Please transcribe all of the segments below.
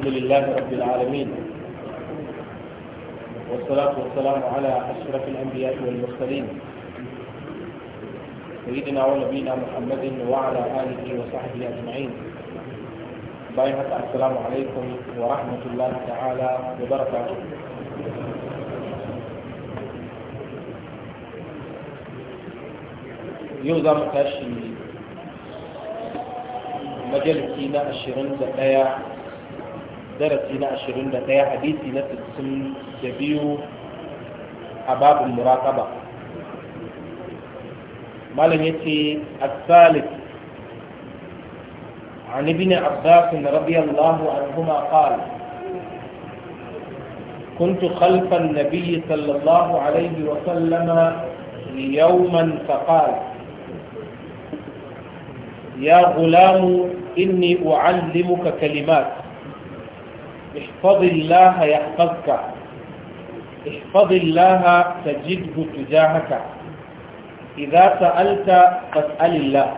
الحمد لله رب العالمين والصلاة والسلام على أشرف الأنبياء والمرسلين سيدنا ونبينا محمد وعلى آله وصحبه أجمعين بايعة السلام عليكم ورحمة الله تعالى وبركاته يوزا متاشي مجلسي نا darasi na 21 hadisi na 62 a babin المراقبة malam لم as الثالث عن ابن عباس رضي الله عنهما قال كنت خلف النبي صلى الله عليه وسلم يوما فقال يا غلام إني أعلمك كلمات احفظ الله يحفظك احفظ الله تجده تجاهك إذا سألت فاسأل الله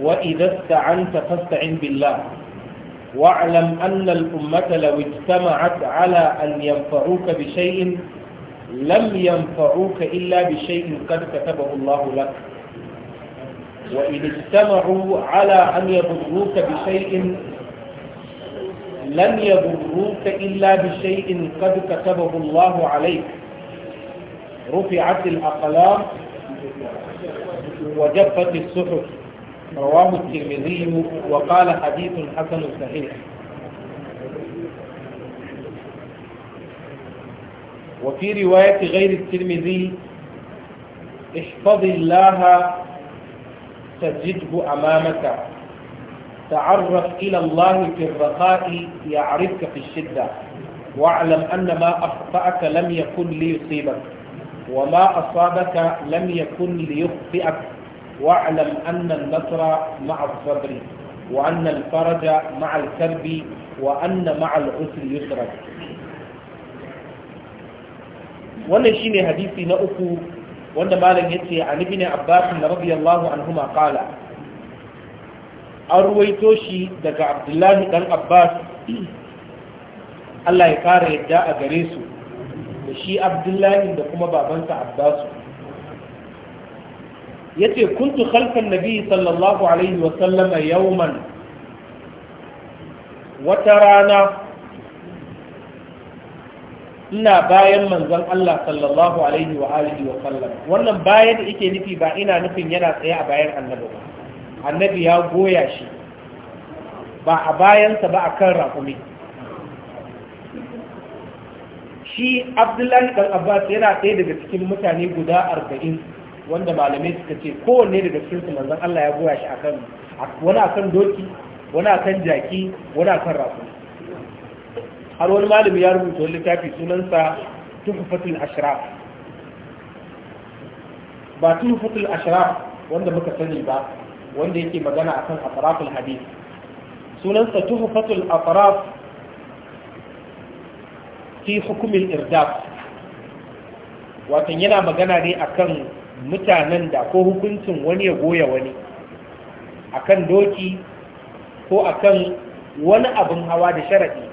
وإذا استعنت فاستعن بالله واعلم أن الأمة لو اجتمعت على أن ينفعوك بشيء لم ينفعوك إلا بشيء قد كتبه الله لك وإن اجتمعوا على أن يضروك بشيء لن يضروك إلا بشيء قد كتبه الله عليك رفعت الأقلام وجفت الصحف رواه الترمذي وقال حديث حسن صحيح وفي رواية غير الترمذي احفظ الله تجده أمامك تعرف إلى الله في الرخاء يعرفك في الشدة واعلم أن ما أخطأك لم يكن ليصيبك وما أصابك لم يكن ليخطئك واعلم أن النصر مع الصبر وأن الفرج مع الكرب وأن مع العسر يسرا wannan shine hadisi na uku wanda malam yace an ibn abbas radiyallahu anhuma qala an ruwaito shi daga abdullahi dan abbas Allah ya kara yadda a gare su da shi abdullahi da kuma babansa abbasu ya ce kuntu halkan nabi sallallahu alaihi wasallama yauman wata rana ina bayan manzon Allah sallallahu alaihi wa alihi wa sallam wannan bayan da yake nufi ba ina nufin yana tsaye a bayan annabi ba annabi ya goya shi ba a bayansa ba a kan raƙumi shi abdullahi ɗan abbas yana ɗaya daga cikin mutane guda arba'in wanda malamai suka ce kowanne daga cikin su manzon Allah ya goya shi a kan wani akan doki wani akan jaki wani akan raƙumi har wani malami ya rubuta wani littafi sunansa tuhfatul ashraf ba tufafatul ashraf wanda muka sani ba wanda yake magana a kan atraful hadith sunansa tuhfatul atraf fi hukumin irdaf watan yana magana ne akan mutanen da ko hukuncin wani ya goya wani akan doki ko akan wani abin hawa da sharaɗi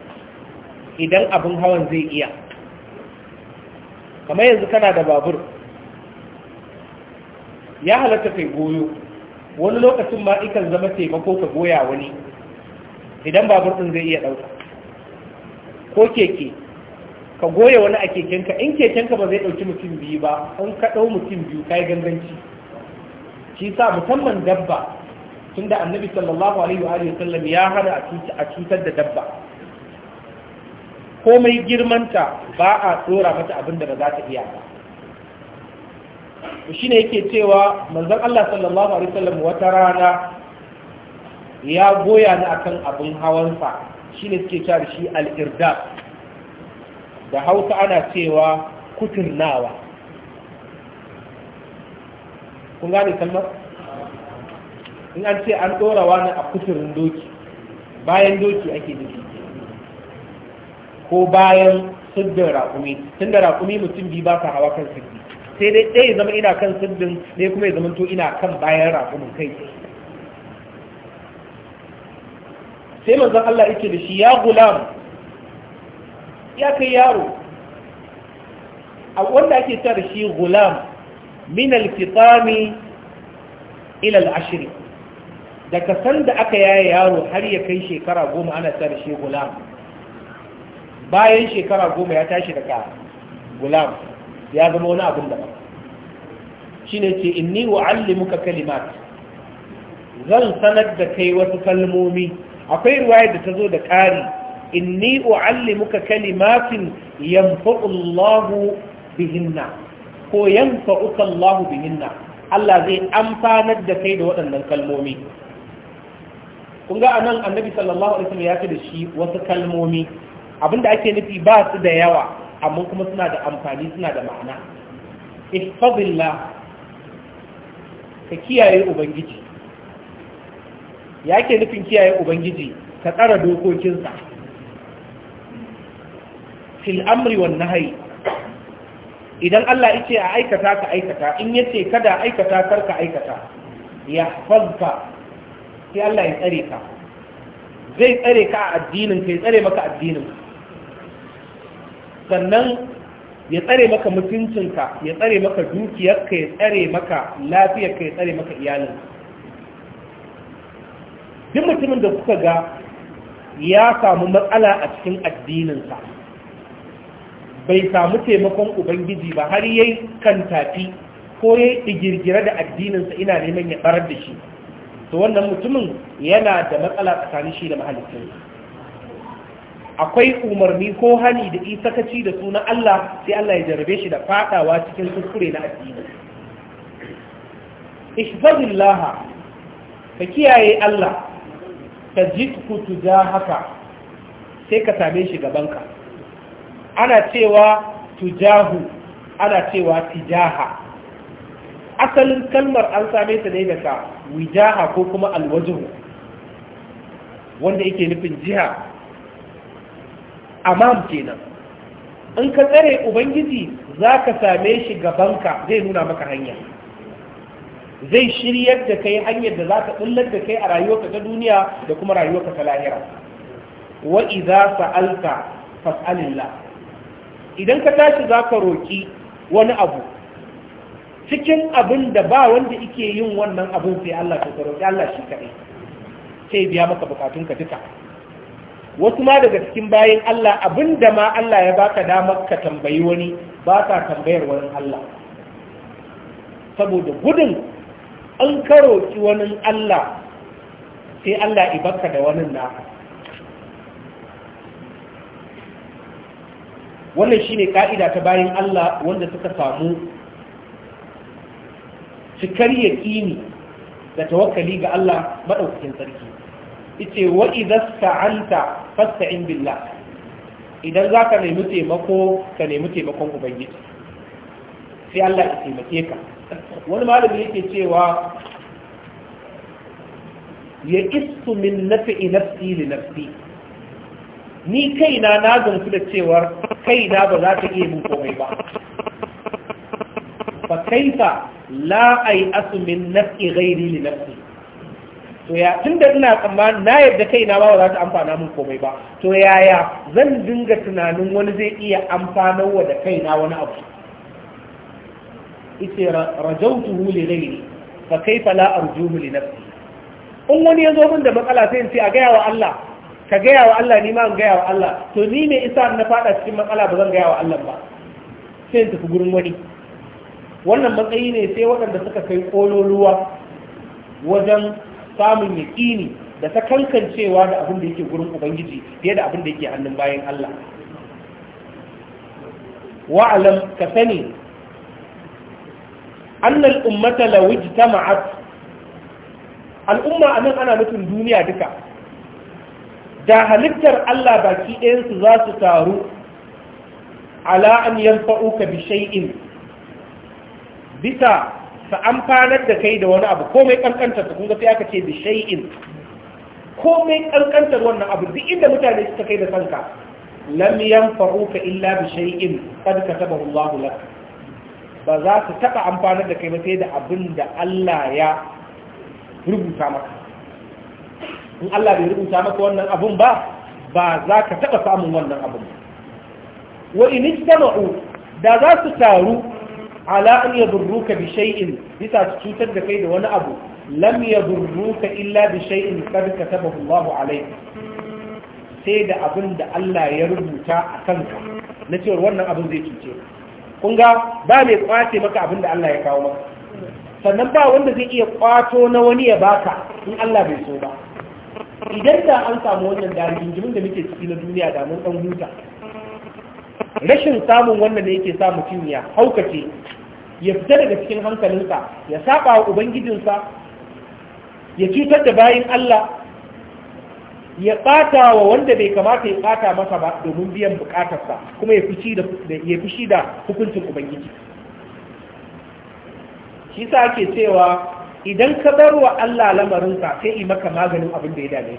idan abin hawan zai iya kamar yanzu kana da babur ya halatta kai goyo wani lokacin ma ikan zama taimako ka goya wani idan babur ɗin zai iya ɗauka ko keke ka goya wani a kekenka in kekenka ba zai ɗauki mutum biyu ba in ka ɗau mutum biyu ka yi ganganci shi sa musamman dabba tun da annabi sallallahu alaihi wa sallam ya hana a cutar da dabba komai girmanta ba a tsora mata abin da ba za ta iya ba shi ne yake cewa manzon Allah sallallahu alaihi wasallam wata rana ya goya ni akan abin hawansa shi ne suke cewa shi al da hausa ana cewa kuturnawa kun gane kalmar in an ce an ɗora wani a kuturin doki bayan doki ake nufi ko bayan da raƙumi tun da raƙumi mutum biyu ba sa hawa kan sirri sai dai ɗaya zama ina kan sirdin ne kuma ya zamanto ina kan bayan rafunin kai sai manzon Allah yake da shi ya gulam ya kai yaro a wanda ake cewa shi gulam min alfitami ila al'ashiri daga sanda aka yaya yaro har ya kai shekara goma ana cewa da shi gulam bayan shekara goma ya tashi daga gulam ya zama wani abin Shi shine ce inni muka kalimat zan sanar da kai wasu kalmomi akwai ruwaya da ta zo da ƙari inni muka kalimatin yanfa'u bihinna ko yanfa'uka bihinna Allah zai amfanar da kai da waɗannan kalmomi kun ga anan annabi sallallahu alaihi wasallam ya ce da shi wasu kalmomi abinda ake nufi ba su da yawa amma kuma suna da amfani suna da ma'ana ifadilla ka kiyaye ubangiji ya ke nufin kiyaye ubangiji ka tsara dokokinsa fil amri wan nahyi idan Allah yace a aikata ka aikata in yace kada aikata karka aikata ya fazka sai Allah ya tsare ka zai tsare ka a addinin kai ya tsare maka addinin ka sannan ya tsare maka mutuncinka ya tsare maka dukiyarka ya tsare maka lafiyarka ya tsare maka iyalinka duk mutumin da kuka ga ya samu matsala a cikin addininsa bai samu taimakon ubangiji ba har yayi kan tafi ko ya yi digirgira da addininsa ina neman ya barar da shi to wannan mutumin yana da matsala tsakanin shi da mahalicinsa akwai umarni ko hani da isa isakaci da suna Allah sai Allah ya jarabe shi da fadawa cikin kuskure na addini ihfazillah ka kiyaye Allah ka tuja tujahaka sai ka same shi gabanka ana cewa tujahu ana cewa tijaha asalin kalmar an same ta ne daga wijaha ko kuma alwajihu wanda yake nufin jiha amam kenan in ka tsare ubangiji za ka same shi gabanka zai nuna maka hanya zai shiryar da kai hanyar da za ka tsullar da kai a rayuwarka ta duniya da kuma rayuwarka ta lahira wa idza sa'alta fas'alillah idan ka tashi za ka roki wani abu cikin abin da ba wanda yake yin wannan abin sai Allah ta roki Allah shi kaɗai sai biya maka bukatunka duka wasu ma daga cikin bayan Allah abinda ma Allah ya baka damar ka tambayi wani ba ka tambayar wani Allah saboda gudun an karoki wani Allah sai Allah ibaka da wani naka wannan shine ka'ida ta bayan Allah wanda suka samu cikar yaƙini da tawakali ga Allah maɗaukakin sarki yace wa idan idza sta'anta fasta'in billah idan za ka nemi taimako ka nemi taimakon ubangiji sai Allah ya taimake ka wani malami yake cewa ya istu min nafi'i nafsi li nafsi ni kaina na gamsu da cewar kaina ba za ta iya min mai ba fa kaifa la ai asu min naf'i ghairi li nafsi to ya tunda ina tsammani na yadda kaina bawa za ta amfana min komai ba to yaya zan dinga tunanin wani zai iya amfanarwa da kaina wani abu ita rajautuhu li ne, fa kaifa la arju li nafsi in wani ya zo min da matsala sai in ce a gaya wa Allah ka gaya wa Allah ni ma in gaya wa Allah to ni ne isa na fada cikin matsala ba zan gaya wa Allah ba sai in tafi gurin wani wannan matsayi ne sai waɗanda suka kai ƙololuwa wajen samun yaƙini da ta kankancewa da abin da yake gurin ubangiji fiye da abin da yake hannun bayan Allah wa'alam ka sani annal ummata ta ijtama'at al'umma anan ana nufin duniya duka da halittar Allah baki ɗayan su za su taru ala an yanfa'uka bi shay'in bisa Ka amfanar da kai da wani abu komai kankantar su kun ga sai aka ce bi shay'in komai kankantar wannan abu duk inda mutane suka kai da kanka lam yanfa'uka illa bi shay'in qad katabahu Allahu lak ba za su taba amfanar da kai ba sai da abin da Allah ya rubuta maka in Allah bai rubuta maka wannan abun ba ba za ka taba samun wannan abun ba wa in da za su taru ala an yadurruka bi shay'in bisa cutar da kai da wani abu lam yadurruka illa bi shay'in qad katabahu Allahu alayk sai da abin da Allah ya rubuta a kanka na cewar wannan abin zai cuce Kunga ba mai kwace maka abin da Allah ya kawo maka sannan ba wanda zai iya kwato na wani ya baka in Allah bai so ba idan da an samu wannan da rigingimin da muke ciki na duniya da mun dan huta rashin samun wannan da yake sa mutum ya haukace ya fita daga cikin hankalinsa ya saba wa ubangijinsa ya cutar da bayan Allah ya ɓata wa wanda bai kamata ya ɓata masa ba domin biyan bukatarsa kuma ya fushi da hukuncin ubangiji shi sa ake cewa idan ka bar wa Allah lamarinsa sai yi maka maganin abin da ya dame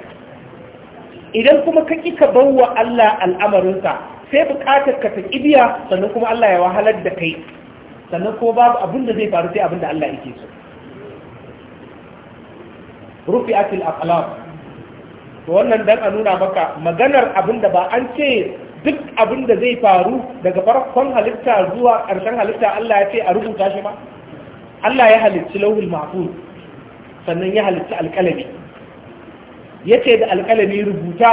idan kuma ka ƙi ka bar wa Allah al'amarinsa sai bukatar ka taƙi biya sannan kuma Allah ya wahalar da kai sannan kuma babu abin da zai faru sai abin da Allah yake so Rufi atil aqlab to wannan dan a nuna maka maganar abin da ba an ce duk abin da zai faru daga farkon halitta zuwa ƙarshen halitta Allah ya ce a rubuta shi ma Allah ya halicci lauhul mahfuz sannan ya halicci alƙalami yace da alƙalami rubuta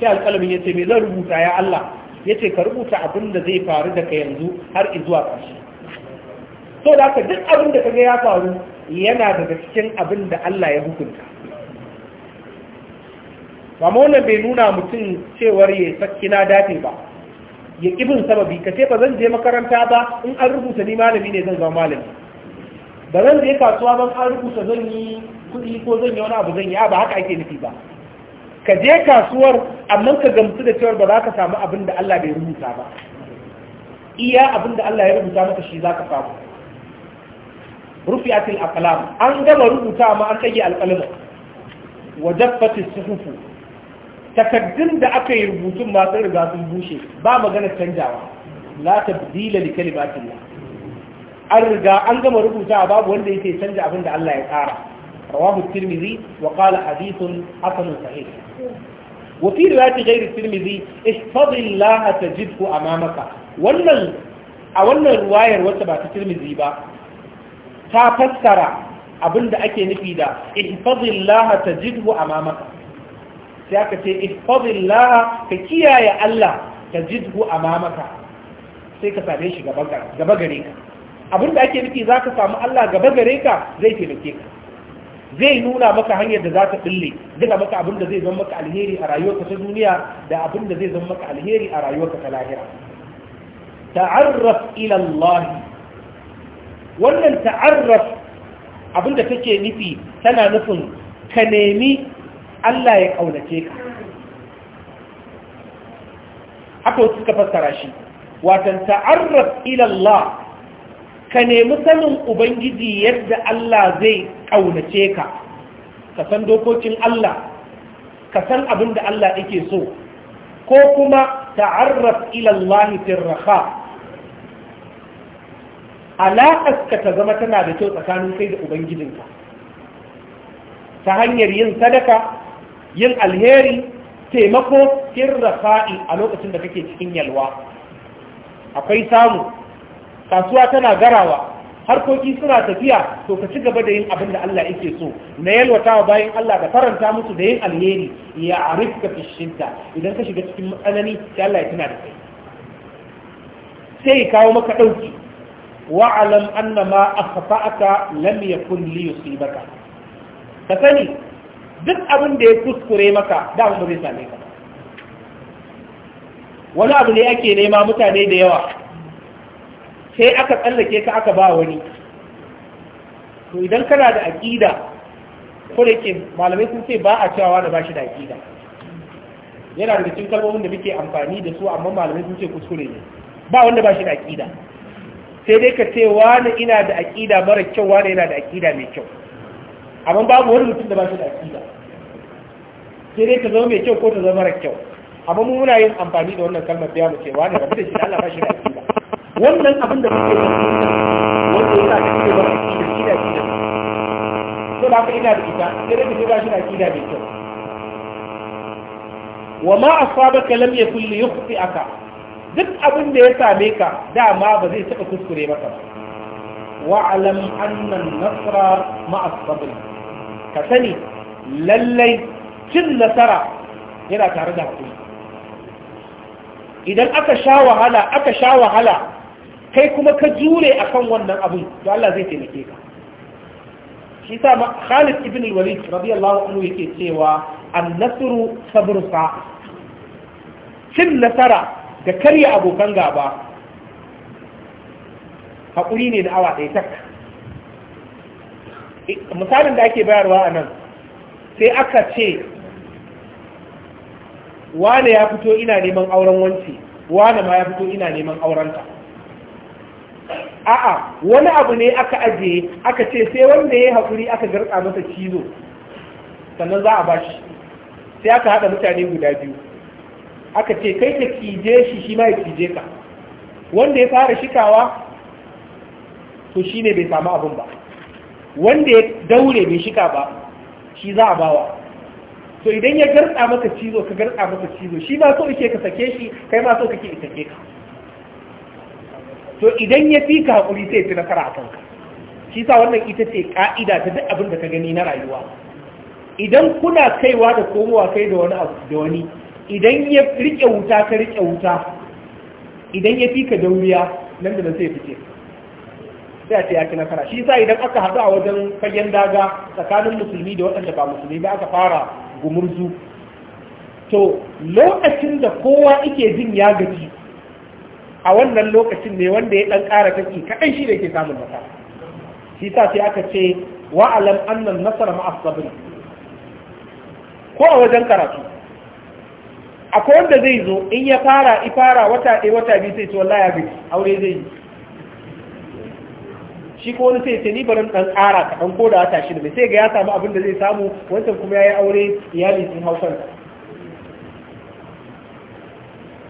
sai alƙalamin ya ce me zan rubuta ya Allah ya ce ka rubuta abin da zai faru daga yanzu har zuwa kashi? so da haka duk abin da kaga ya faru yana daga cikin abin da Allah ya hukunta ba wannan bai nuna mutum cewar ya sakki na dafe ba ya ibin sababi ka ce ba zan je makaranta ba in an rubuta ni malami ne zan zama malami ba zan je kasuwa ban an rubuta zan yi kuɗi ko zan yi wani abu zan yi ba haka ake nufi ba ka je kasuwar amma ka gamsu da cewar ba za ka samu abin da Allah bai rubuta ba iya abin da Allah ya rubuta maka shi za ka samu rufi'atil aqlam an gama rubuta amma an tsage alqalama wa jaffati suhufu takaddun da aka yi rubutun ma sun riga sun bushe ba magana canjawa la tabdila li kalimatillah an riga an gama rubuta babu wanda yake canja abin da Allah ya tsara رواه الترمذي وقال حديث حسن صحيح وفي رواية غير الترمذي احفظ الله تجده أمامك wannan a wannan ruwayar wacce ba ta tirmizi ba ta fassara abinda ake nufi da ihfazillaha tajidhu amamaka sai aka ce ihfazillaha ka kiyaye Allah tajidhu amamaka sai ka same shi gaba gare ka Abin da ake nufi zaka samu Allah gaba gare ka zai taimake ka zai nuna maka hanyar da za ta bille duka maka abin da zai zan maka alheri a rayuwarka ta duniya da abin da zai zan maka alheri a rayuwarka ta lahira ta'arraf ilallahi. wannan ta'arraf abin da take nufi tana nufin ka nemi Allah ya kaunace ka haka wasu suka fassara shi watan ta'arraf ila ka nemi sanin ubangiji yadda Allah zai ƙaunace ka ka san dokokin Allah ka san abin da Allah yake so ko kuma ta'arraf ila Allah firraha alaƙas ka ta zama tana da kyau tsakanin kai da ubangijinka ta hanyar yin sadaka yin alheri taimako firraha'i a lokacin da kake cikin yalwa akwai samu kasuwa tana garawa harkoki suna tafiya to ka ci gaba da yin abin da Allah yake so na yalwatawa bayan Allah da faranta musu da yin alheri ya arifka fishinta idan ka shiga cikin matsanani sai Allah ya tuna da kai sai ya kawo maka ɗauki wa'alam anna ma akhata'aka lam yakun li yusibaka ka sani duk abin da ya kuskure maka da ba zai same ka wani abu ne ake nema mutane da yawa sai aka tsallake ka aka ba wani to idan kana da aƙida ko da yake malamai sun ce ba a cewa da ba shi da aƙida yana da cikin kalmomin da muke amfani da su amma malamai sun ce kuskure ne ba wanda ba shi da aƙida sai dai ka ce wani ina da aƙida mara kyau wani yana da aƙida mai kyau amma babu wani mutum da ba shi da aƙida sai dai ta zama mai kyau ko ta zama mara kyau amma mu muna yin amfani da wannan kalmar biya mu ce wani ba. da shi da Allah ba shi da aƙida wannan abin da muke wanda yana sa kake ba shi da kida kida ko da ka ina da ita sai da kake shi da kida mai kyau wa ma asabaka lam yakul li yukhti'aka duk abin da ya same ka dama ba zai taba kuskure maka ba wa alam anna an-nasra ma'a sabr ka sani lallai cin nasara yana tare da hakuri idan aka sha wahala aka sha wahala kai kuma ka jure a kan wannan abin to Allah zai taimake ka shi sa Khalid ibn al-Walid radiyallahu anhu yake cewa an-nasru sa, cin nasara da karya abokan gaba haƙuri ne da awa ɗaya tak misalin da ake bayarwa a nan sai aka ce wane ya fito ina neman auren wance wane ma ya fito ina neman aurenta a'a wani abu ne aka aje aka ce sai wanda ya haƙuri aka garka masa cizo sannan za a bashi sai aka haɗa mutane guda biyu aka ce kai ka cije shi shi ma ya cije ka wanda ya fara shikawa to shi ne bai samu abin ba wanda ya daure bai shika ba shi za a bawa to idan ya garka masa cizo ka garka masa cizo shi ma so ka sake shi kai ma so kake sake ka to idan ya fi ka haƙuri sai fi nasara a kanka shi sa wannan ita ce ƙa'ida ta duk abin da ka gani na rayuwa idan kuna kaiwa da komowa kai da wani abu da wani idan ya riƙe wuta ka riƙe wuta idan ya fi ka dauriya nan da nan sai fice sai a ce ya fi nasara shi sa idan aka haɗu a wajen fagen daga tsakanin musulmi da waɗanda ba musulmi ba aka fara gumurzu to lokacin da kowa ike jin ya gaji a wannan lokacin ne wanda ya ɗan ƙara kake kaɗan shi da ke samun nasara shi sa sai aka ce alam annan nasara ma'a sabri ko a wajen karatu akwai wanda zai zo in ya fara ifara wata ɗaya wata biyu sai ce wallahi ya bi aure zai yi shi ko wani sai ce ni barin ɗan ƙara kaɗan ko da wata shi da sai ga ya samu abin da zai samu wancan kuma ya yi aure iyali sun hau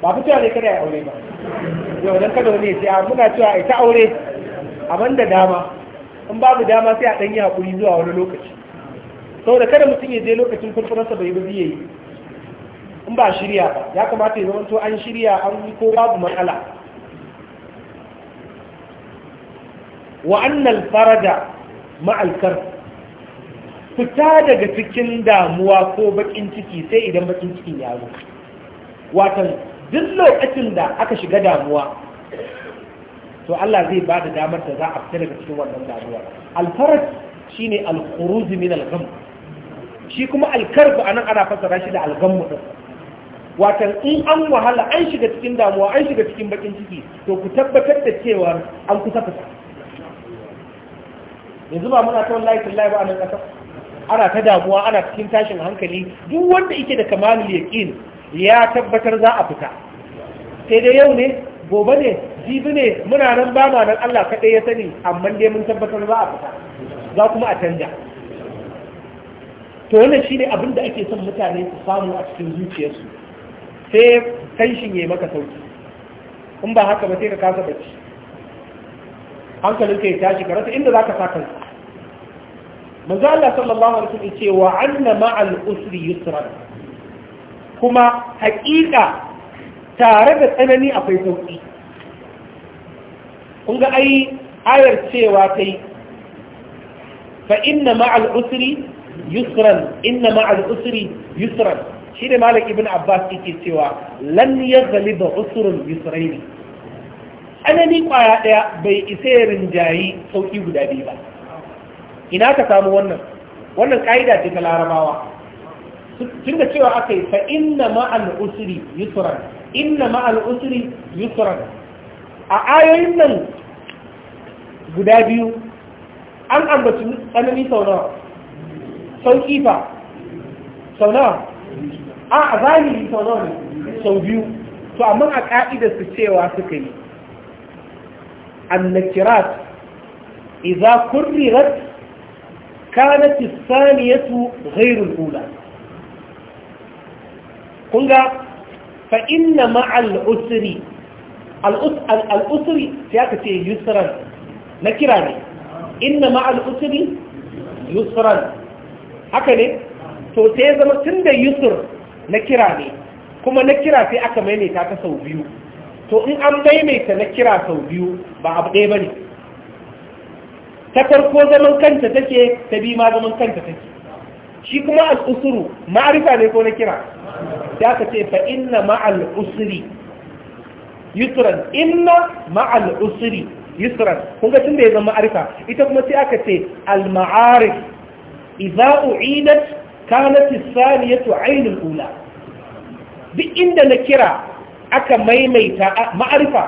ba fi cewa ne kada ya aure ba yau don kada wani sai muna cewa ita aure abin da dama in babu dama sai a ɗan yi haƙuri zuwa wani lokaci saboda kada mutum ya je lokacin kurkurarsa bai bi zai yi in ba shirya ba ya kamata ya zama to an shirya an yi ko babu matsala wa annal da ma'alkar fita daga cikin damuwa ko bakin ciki sai idan bakin cikin ya zo watan duk lokacin da aka shiga damuwa to Allah zai ba da damar da za a fita daga cikin wannan damuwa alfaraj shine al min al shi kuma al anan ana fasara shi da al din watan in an wahala an shiga cikin damuwa an shiga cikin bakin ciki to ku tabbatar da cewa an kusa fita yanzu ba muna ta wallahi tallahi ba anan kasa ana ta damuwa ana cikin tashin hankali duk wanda yake da kamalul yaqin ya tabbatar za a fita sai dai yau ne gobe ne jibi ne muna nan ba ma nan Allah kaɗai ya sani amma dai mun tabbatar za a fita za kuma a canja to wannan ne abin da ake son mutane su samu a cikin zuciyarsu sai tension ya maka sauki in ba haka ba sai ka kasa bacci hankalinka ya tashi ka rasa inda za ka sa manzo Allah sallallahu alaihi wasallam ce wa anna ma'al usri yusra kuma hakika tare da tsanani akwai sauƙi kun ga ai ayar cewa ta yi fa inna ma'al usri yusran inna ma'al usri yusran shi ne malak ibn abbas yake cewa lan ya zali da usurun tsanani kwaya ɗaya bai isa ya rinjayi sauƙi guda biyu ba ina ka samu wannan wannan ƙa'ida ce ta larabawa tun da cewa aka yi fa inna ma'al usri yusran inna ma'al usri yusran a ayoyin nan guda biyu an ambaci tsanani sau nawa sau kifa sau nawa a zahiri sau nawa ne sau biyu to amma a ka'idar su cewa suka yi annakirat idza kurrirat kanat as-saniyatu ghayr al-ula Kunga fa inna ma'al usri al usri sai ce yusran na kira ne inna ma'al usri yusran haka ne to sai zama tun da yusr na kira ne kuma na kira sai aka maimaita ta sau biyu to in an maimaita na kira sau biyu ba abu ɗaya ba ne ta farko zaman kanta take ta bi ma zaman kanta take shi kuma al'usuru ma'arifa ne ko na kira da aka ce fa inna ma'al usri yusran inna ma'al usri yusran kun ga tunda ya zama arifa ita kuma sai aka ce al ma'arif idza u'idat kanat as-saniyatu 'ayn al-ula duk inda na kira aka maimaita ma'arifa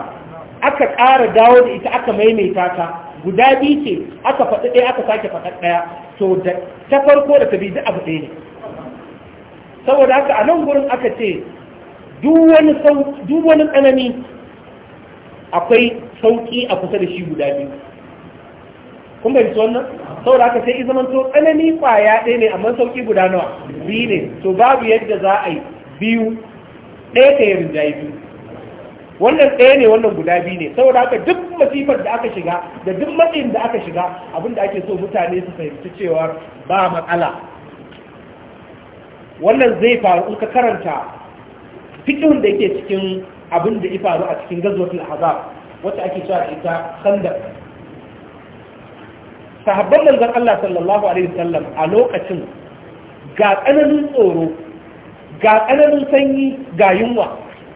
aka ƙara dawo da ita aka maimaita ta guda biyu ce aka faɗi ɗaya aka sake faɗa ɗaya to da ta farko da ta biyu duk abu ɗaya ne saboda haka a nan gurin aka ce duk wani tsanani akwai sauƙi a kusa da shi guda biyu kun bai wannan saboda haka sai izaman to tsanani kwaya ɗaya ne amma sauƙi guda nawa biyu ne to babu yadda za a yi biyu ɗaya ta yarin jayi biyu wannan ɗaya ne wannan guda biyu ne saboda haka duk masifar da aka shiga da duk matsayin da aka shiga abin da ake so mutane su fahimci cewa ba matsala wannan zai faru in ka karanta fikin da yake cikin abin da ya faru a cikin gazwatul azab wacce ake cewa ita sandar sahabban manzon Allah sallallahu alaihi wasallam a lokacin ga tsananin tsoro ga tsananin sanyi ga yunwa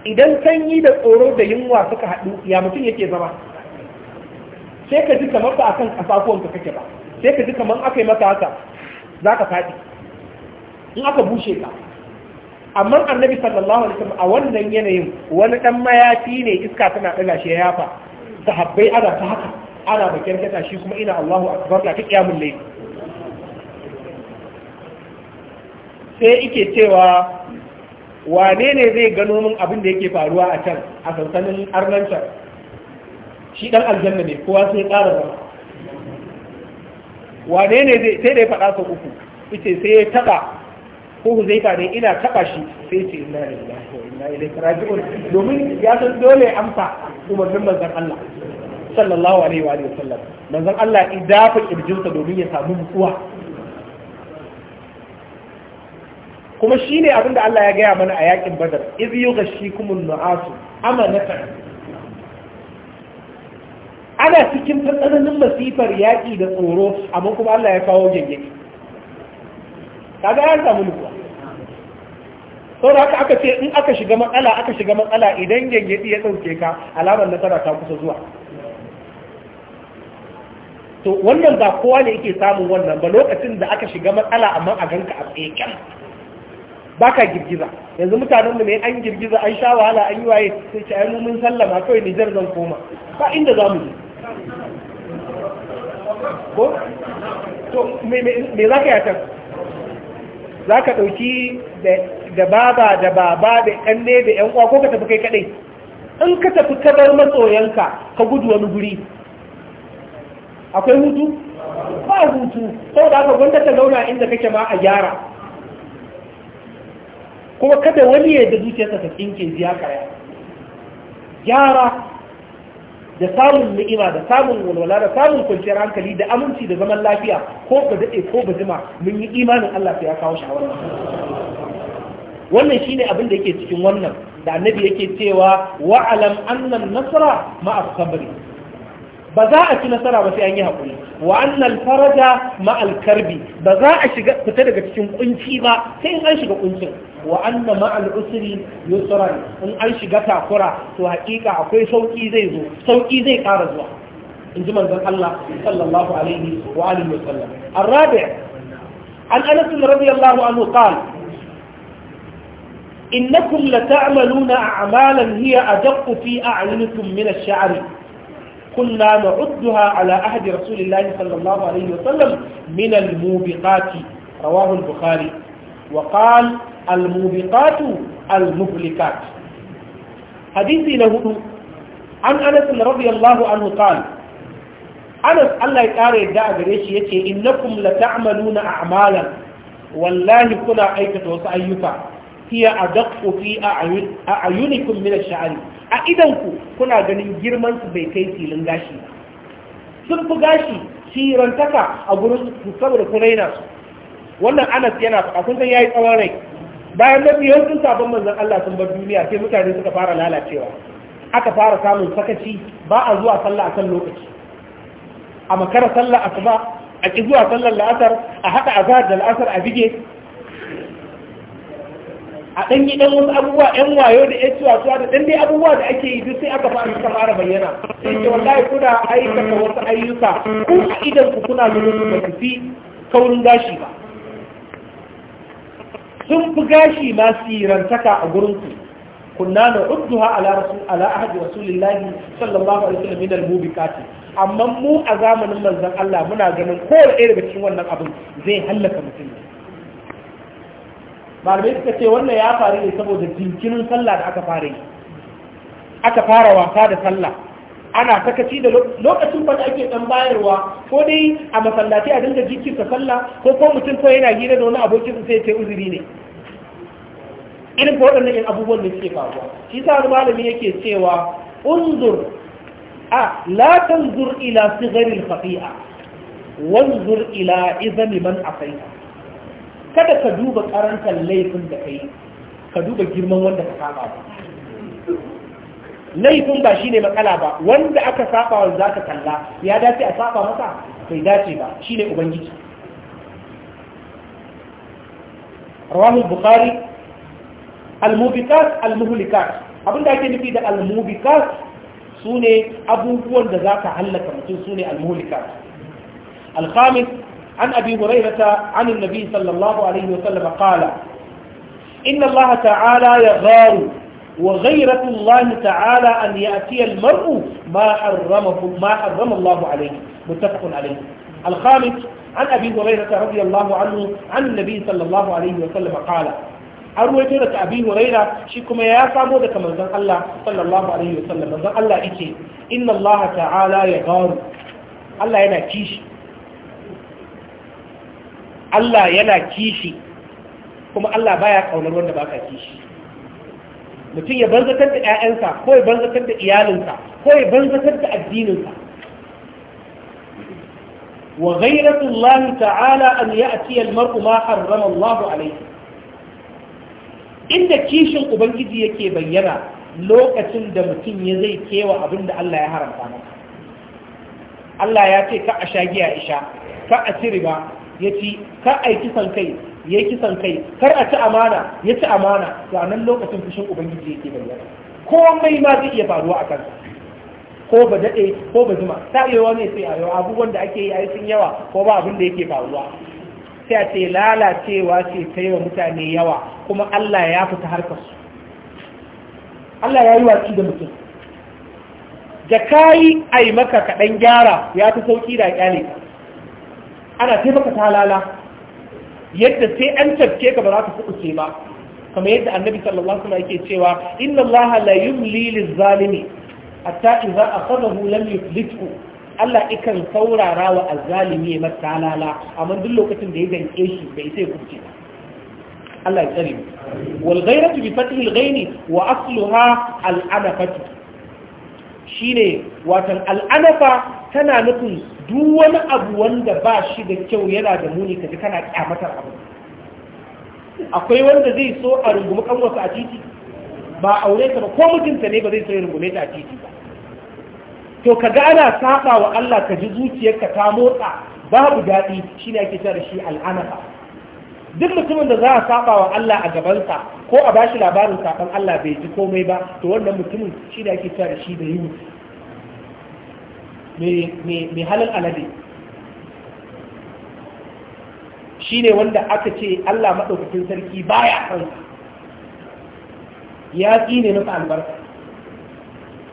idan sanyi da tsoro da yunwa suka haɗu ya mutum yake zama sai ka ji kamar ba a kan ko kake ba sai ka ji kamar aka yi maka haka za ka faɗi in aka bushe ka amma annabi sallallahu alaihi wasallam a wannan yanayin wani dan mayafi ne iska tana daga shi ya yafa sahabbai ana ta haka ana da kirkata shi kuma ina Allahu akbar da ta kiyamul layl sai ike cewa wane ne zai gano min abin da yake faruwa a can a sansanin arnanta shi dan aljanna ne kowa sai ƙara zama wane ne zai sai da ya faɗa sau uku ita sai ya taɓa ko Ku zai ne ina taba shi sai ce ina lillahi wa raji'un domin ya san dole amsa umarnin manzan Allah sallallahu alaihi wa alihi sallam manzan Allah idafa kirjinsa domin ya samu mutuwa kuma shine abinda Allah ya gaya mana a yakin Badar iz yughashikumun nu'asu amanatan ana cikin tsananin masifar yaƙi da tsoro amma kuma Allah ya kawo gengeki kaga ya samu nutsuwa da haka aka ce in aka shiga matsala aka shiga matsala idan gengedi ya ɗauke ka alamar nasara ta kusa zuwa to wannan ba kowa ne yake samun wannan ba lokacin da aka shiga matsala amma a ganka a tsaye ba ka girgiza yanzu mutanen mu ne an girgiza an sha wahala an yi waye sai ce ai mun sallama kawai Nijar zan koma ba inda za mu je ko to me me za ka yi a can za ka ɗauki da baba da baba da ƙanne da ‘yan uwa ko ka tafi kai kaɗai in ka tafi ka bar matsoyanka ka gudu wani guri akwai hutu ba hutu ko da aka gwanda ta zauna inda kake ma a gyara kuma kada wani ya zuciyarsa ta tsinke ziya gyara da samun ni'ima da samun walwala da samun kwanciyar hankali da aminci da zaman lafiya ko ba daɗe ko ba jima mun yi imanin Allah sai ya kawo shawara wannan shine abin da yake cikin wannan da annabi yake cewa wa'alam annan nasra ma'a sabri ba za a ci nasara ba sai an yi hakuri. wa annal faraja ma'al karbi ba za a shiga fita daga cikin kunci ba sai in an shiga kuncin wa'anda ma'al usiri yusuran in an shiga takura to hakika akwai sauki zai zo sauki zai kara zuwa in ji manzan Allah sallallahu alaihi wa alihi wa sallam arabi an anas bin radiyallahu anhu qala innakum la ta'maluna a'malan hiya a fi a min ash-sha'r kunna nu'udduha ala ahdi rasulillahi sallallahu alaihi wa sallam min al-mubiqati rawahu al-bukhari وقال al-mubiqatu al-mublikat hadisi na hudu an anas radiyallahu anhu qala anas Allah ya kare yadda gare shi yace innakum lata'maluna a'malan wallahi kuna aikata wasu ayyuka hiya adaqu fi a'yunikum min ash shar a idan ku kuna ganin girman su bai kai filin gashi sun fi gashi sirantaka a gurin su saboda kunaina wannan anas yana faɗa kun san yayi tsawon rai bayan mafi sun sabon manzan Allah sun bar duniya sai mutane suka fara lalacewa aka fara samun sakaci ba a zuwa sallah a kan lokaci a makara sallah asuba a ki zuwa sallar la'asar a haɗa zahar da la'asar a bige a ɗan yi ɗan wasu abubuwa ɗan wayo da ya ciwa da ɗan dai abubuwa da ake yi duk sai aka fara suka fara bayyana sai ke wallahi kuna aikata wasu ayyuka ko a idan ku kuna zuwa su ba ku fi kaurin gashi ba sun fi gashi ma sirantaka a gurinku kunna na udduha ala rasul ala ahadi rasulillahi sallallahu alaihi wasallam min al-mubikati amma mu a zamanin manzon Allah muna ganin kowa ɗaya daga cikin wannan abin zai hallaka mutum malamai suka ce wannan ya faru ne saboda jinkirin sallah da aka fara yi aka fara wasa da sallah ana sakaci da lokacin fata ɗan ake dan bayarwa ko dai a masallaci a dinga jiki ka sallah ko ko mutum ko yana gida da wani abokin sai ya ce uzuri ne irin ko waɗannan yan abubuwan da suke faruwa shi sa malami yake cewa unzur a la tanzur ila sigharil khati'a wanzur ila izami man afaita kada ka duba karantar laifin da kai ka duba girman wanda ka kama ba laifin ba shine matsala ba wanda aka saba wa zaka kalla ya dace a saba masa bai dace ba shine ubangiji rawahu bukhari al-mubiqat al-muhlikat abinda ake nufi da al sune abubuwan da zaka halaka mutum sune al-muhlikat al-khamis عن أبي هريرة عن النبي صلى الله عليه وسلم قال إن الله تعالى يغار وغيرة الله تعالى أن يأتي المرء ما حرمه ما حرم الله عليه متفق عليه الخامس عن أبي هريرة رضي الله عنه عن النبي صلى الله عليه وسلم قال أرويت لك أبي هريرة شكما يا سامو دك من الله صلى الله عليه وسلم من الله إيكي إن الله تعالى يغار الله ينا كيشي Allah yana kishi kuma Allah baya kaunar wanda baka kishi mutum ya banzatar da 'ya'yansa ko ya banzatar da iyalinsa ko ya banzatar da addininsa wa ghairatu Allah ta'ala an ya'ti al-mar'u ma harrama Allah alayhi inda kishin ubangiji yake bayyana lokacin da mutum ya zai kewa abin da Allah ya haramta masa Allah ya ce ka a sha giya isha ka a ci riba ya ci ka a yi kisan kai ya yi kisan kai kar a ci amana ya ci amana to nan lokacin fushin ubangiji yake bayyana komai ma zai iya faruwa a kansa ko ba daɗe ko ba zuma ta yawa ne sai a abubuwan da ake yi a sun yawa ko ba abin da yake faruwa sai a ce lalacewa ce ta yi mutane yawa kuma Allah ya fita harkar su Allah ya yi watsi da mutum da kayi a yi maka kaɗan gyara ya fi sauƙi da ƙyale ana taimaka ta lala yadda sai an tafke ka ba za ka kuɓuce ba kamar yadda annabi sallallahu alaihi wasallam yake cewa inna Allah la yumli A hatta idza akhadahu lam yuflithu Allah ikan saurara wa azzalimi ya mata lala amma duk lokacin da ya danke shi bai sai kuɓuce ba Allah ya tsare mu wal ghayratu bi fathi al ghayni wa asluha al anafatu shine watan al anafa tana nufin duk wani abu wanda ba shi da kyau yana da muni kaji kana kyamatar abu akwai wanda zai so a rungumi wasu a titi ba aure ta ba ko mutunta ne ba zai so ya rungume ta a titi ba to kaga ana saba wa Allah ka ji zuciyarka ta motsa babu daɗi shine ake cewa da shi al'anafa duk mutumin da za a saba wa Allah a gabansa ko a bashi labarin saban Allah bai ji komai ba to wannan mutumin shine ake cewa da shi da yi mai halin alade shi ne wanda aka ce Allah maɗaukacin sarki baya kansa ya ne nufa albarka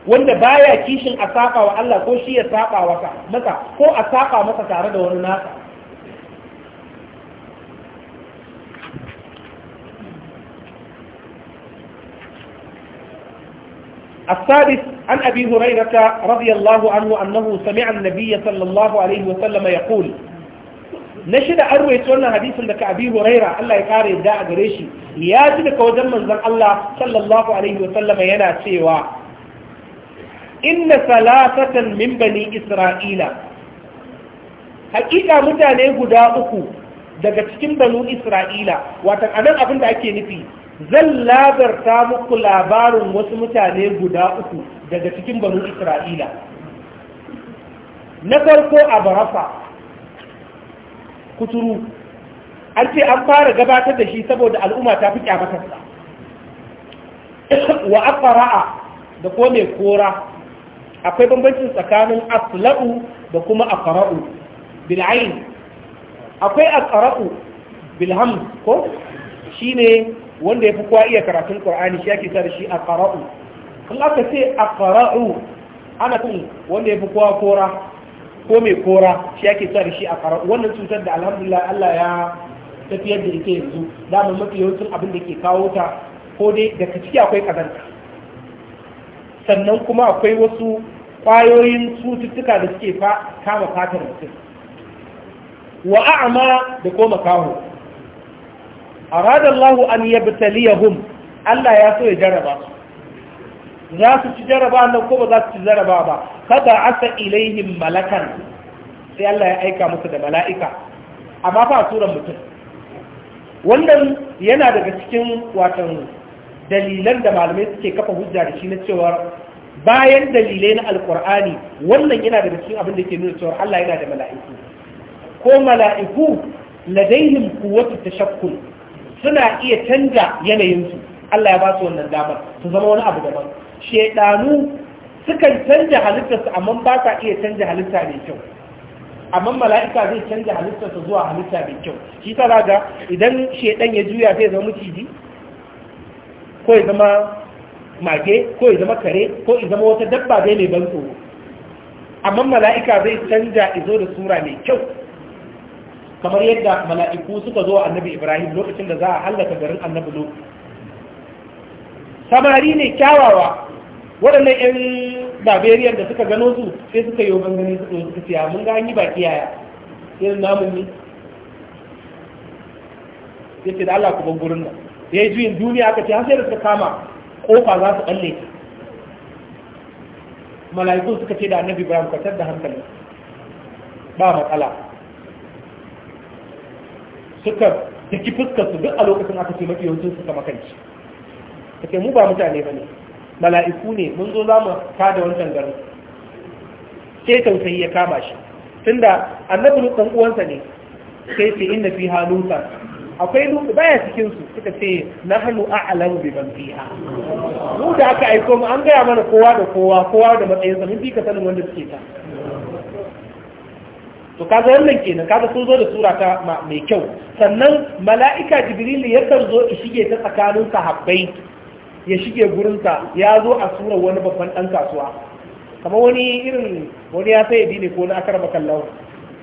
wanda baya kishin a saƙa wa Allah ko shi ya saƙa ka ko a saƙa masa tare da wani nasa الثالث عن أبي هريرة رضي الله عنه أنه سمع النبي صلى الله عليه وسلم يقول نشد أروي سنة حديث لك أبي هريرة الله يقاري الداء قريشي ياجد كوزن من الله صلى الله عليه وسلم ينا سيوا إن ثلاثة من بني إسرائيل حقيقة متى نيقو داؤكو daga cikin banu Isra'ila watan anan abin da ake nufi zan labarta muku labarin wasu mutane guda uku daga cikin banu isra'ila na farko a barafa kuturu an ce an fara gabatar da shi saboda al'umma ta fi kyamatarsa wa aqra'a da ko mai kora akwai bambancin tsakanin asla'u da kuma aqra'u bil akwai aqra'u Bilham, ko shine wanda ya fi kowa iya karatun qur'ani shi ake sa shi a ƙara'u in aka ce a ƙara'u ana kun wanda ya fi kowa kora ko mai kora shi ake sa shi a ƙara'u wannan cutar da alhamdulillah Allah ya tafiyar da ita yanzu damar mafi yawancin abin da ke kawo ta ko dai daga ciki akwai ƙazanta sannan kuma akwai wasu kwayoyin cututtuka da suke kama fatar mutum wa a'ama da koma Kawo. arada Allah an hum, Allah ya so ya jaraba za su ci jarraba nan ko ba za su ci jarraba ba kada asa ilaihim malakan sai Allah ya aika musu da mala'ika amma fa suran mutum wannan yana daga cikin watan dalilan da malamai suke kafa hujja da shi na cewa bayan dalilai na alkur'ani wannan yana daga cikin abin da ke nuna cewa Allah yana da mala'iku ko mala'iku ladaihim kuwatu tashakkul suna iya canja yanayinsu Allah ya ba su wannan damar su zama wani abu daban shedanu sukan canja halittarsu amma ba sa iya canja halitta mai kyau amma mala'ika zai canja halittarsa zuwa halitta mai kyau shi ta raga idan shedan ya juya zai zama maciji ko ya zama mage ko ya zama kare ko ya zama wata dabba dai mai ban tsoro amma mala'ika zai canja izo da sura mai kyau kamar yadda mala'iku suka zo annabi ibrahim lokacin da za a hallaka garin annabi lo samari ne kyawawa waɗannan 'yan barbarian da suka gano su sai suka yi gangani su suka siya mun ga yi baki yaya irin namun ne ya ce da Allah ku ban gurin nan ya yi juyin duniya aka ce har da suka kama kofa za su ɓalle mala'ikun suka ce da annabi ibrahim kwatar da hankali ba matsala suka daki fuskar su duk a lokacin aka ce mafi yawancin suka kanci kake mu ba mutane ba ne mala'iku ne mun zo za mu kada wancan garin sai tausayi ya kama shi tunda annabi lutsan uwansa ne sai ce inna fi ha lutsa. akwai lutsu baya cikin su suka ce na hannu a alamu bi ban ha. mu da aka aiko mu an gaya mana kowa da kowa kowa da matsayinsa mun fi ka sanin wanda suke ta to kaga wannan kenan kaga sun zo da sura ta mai kyau sannan mala'ika jibril kan zo ya shige ta tsakanin sahabbai ya shige gurinsa ya zo a sura wani babban dan kasuwa kamar wani irin wani ya sai dine ko na akarba kallahu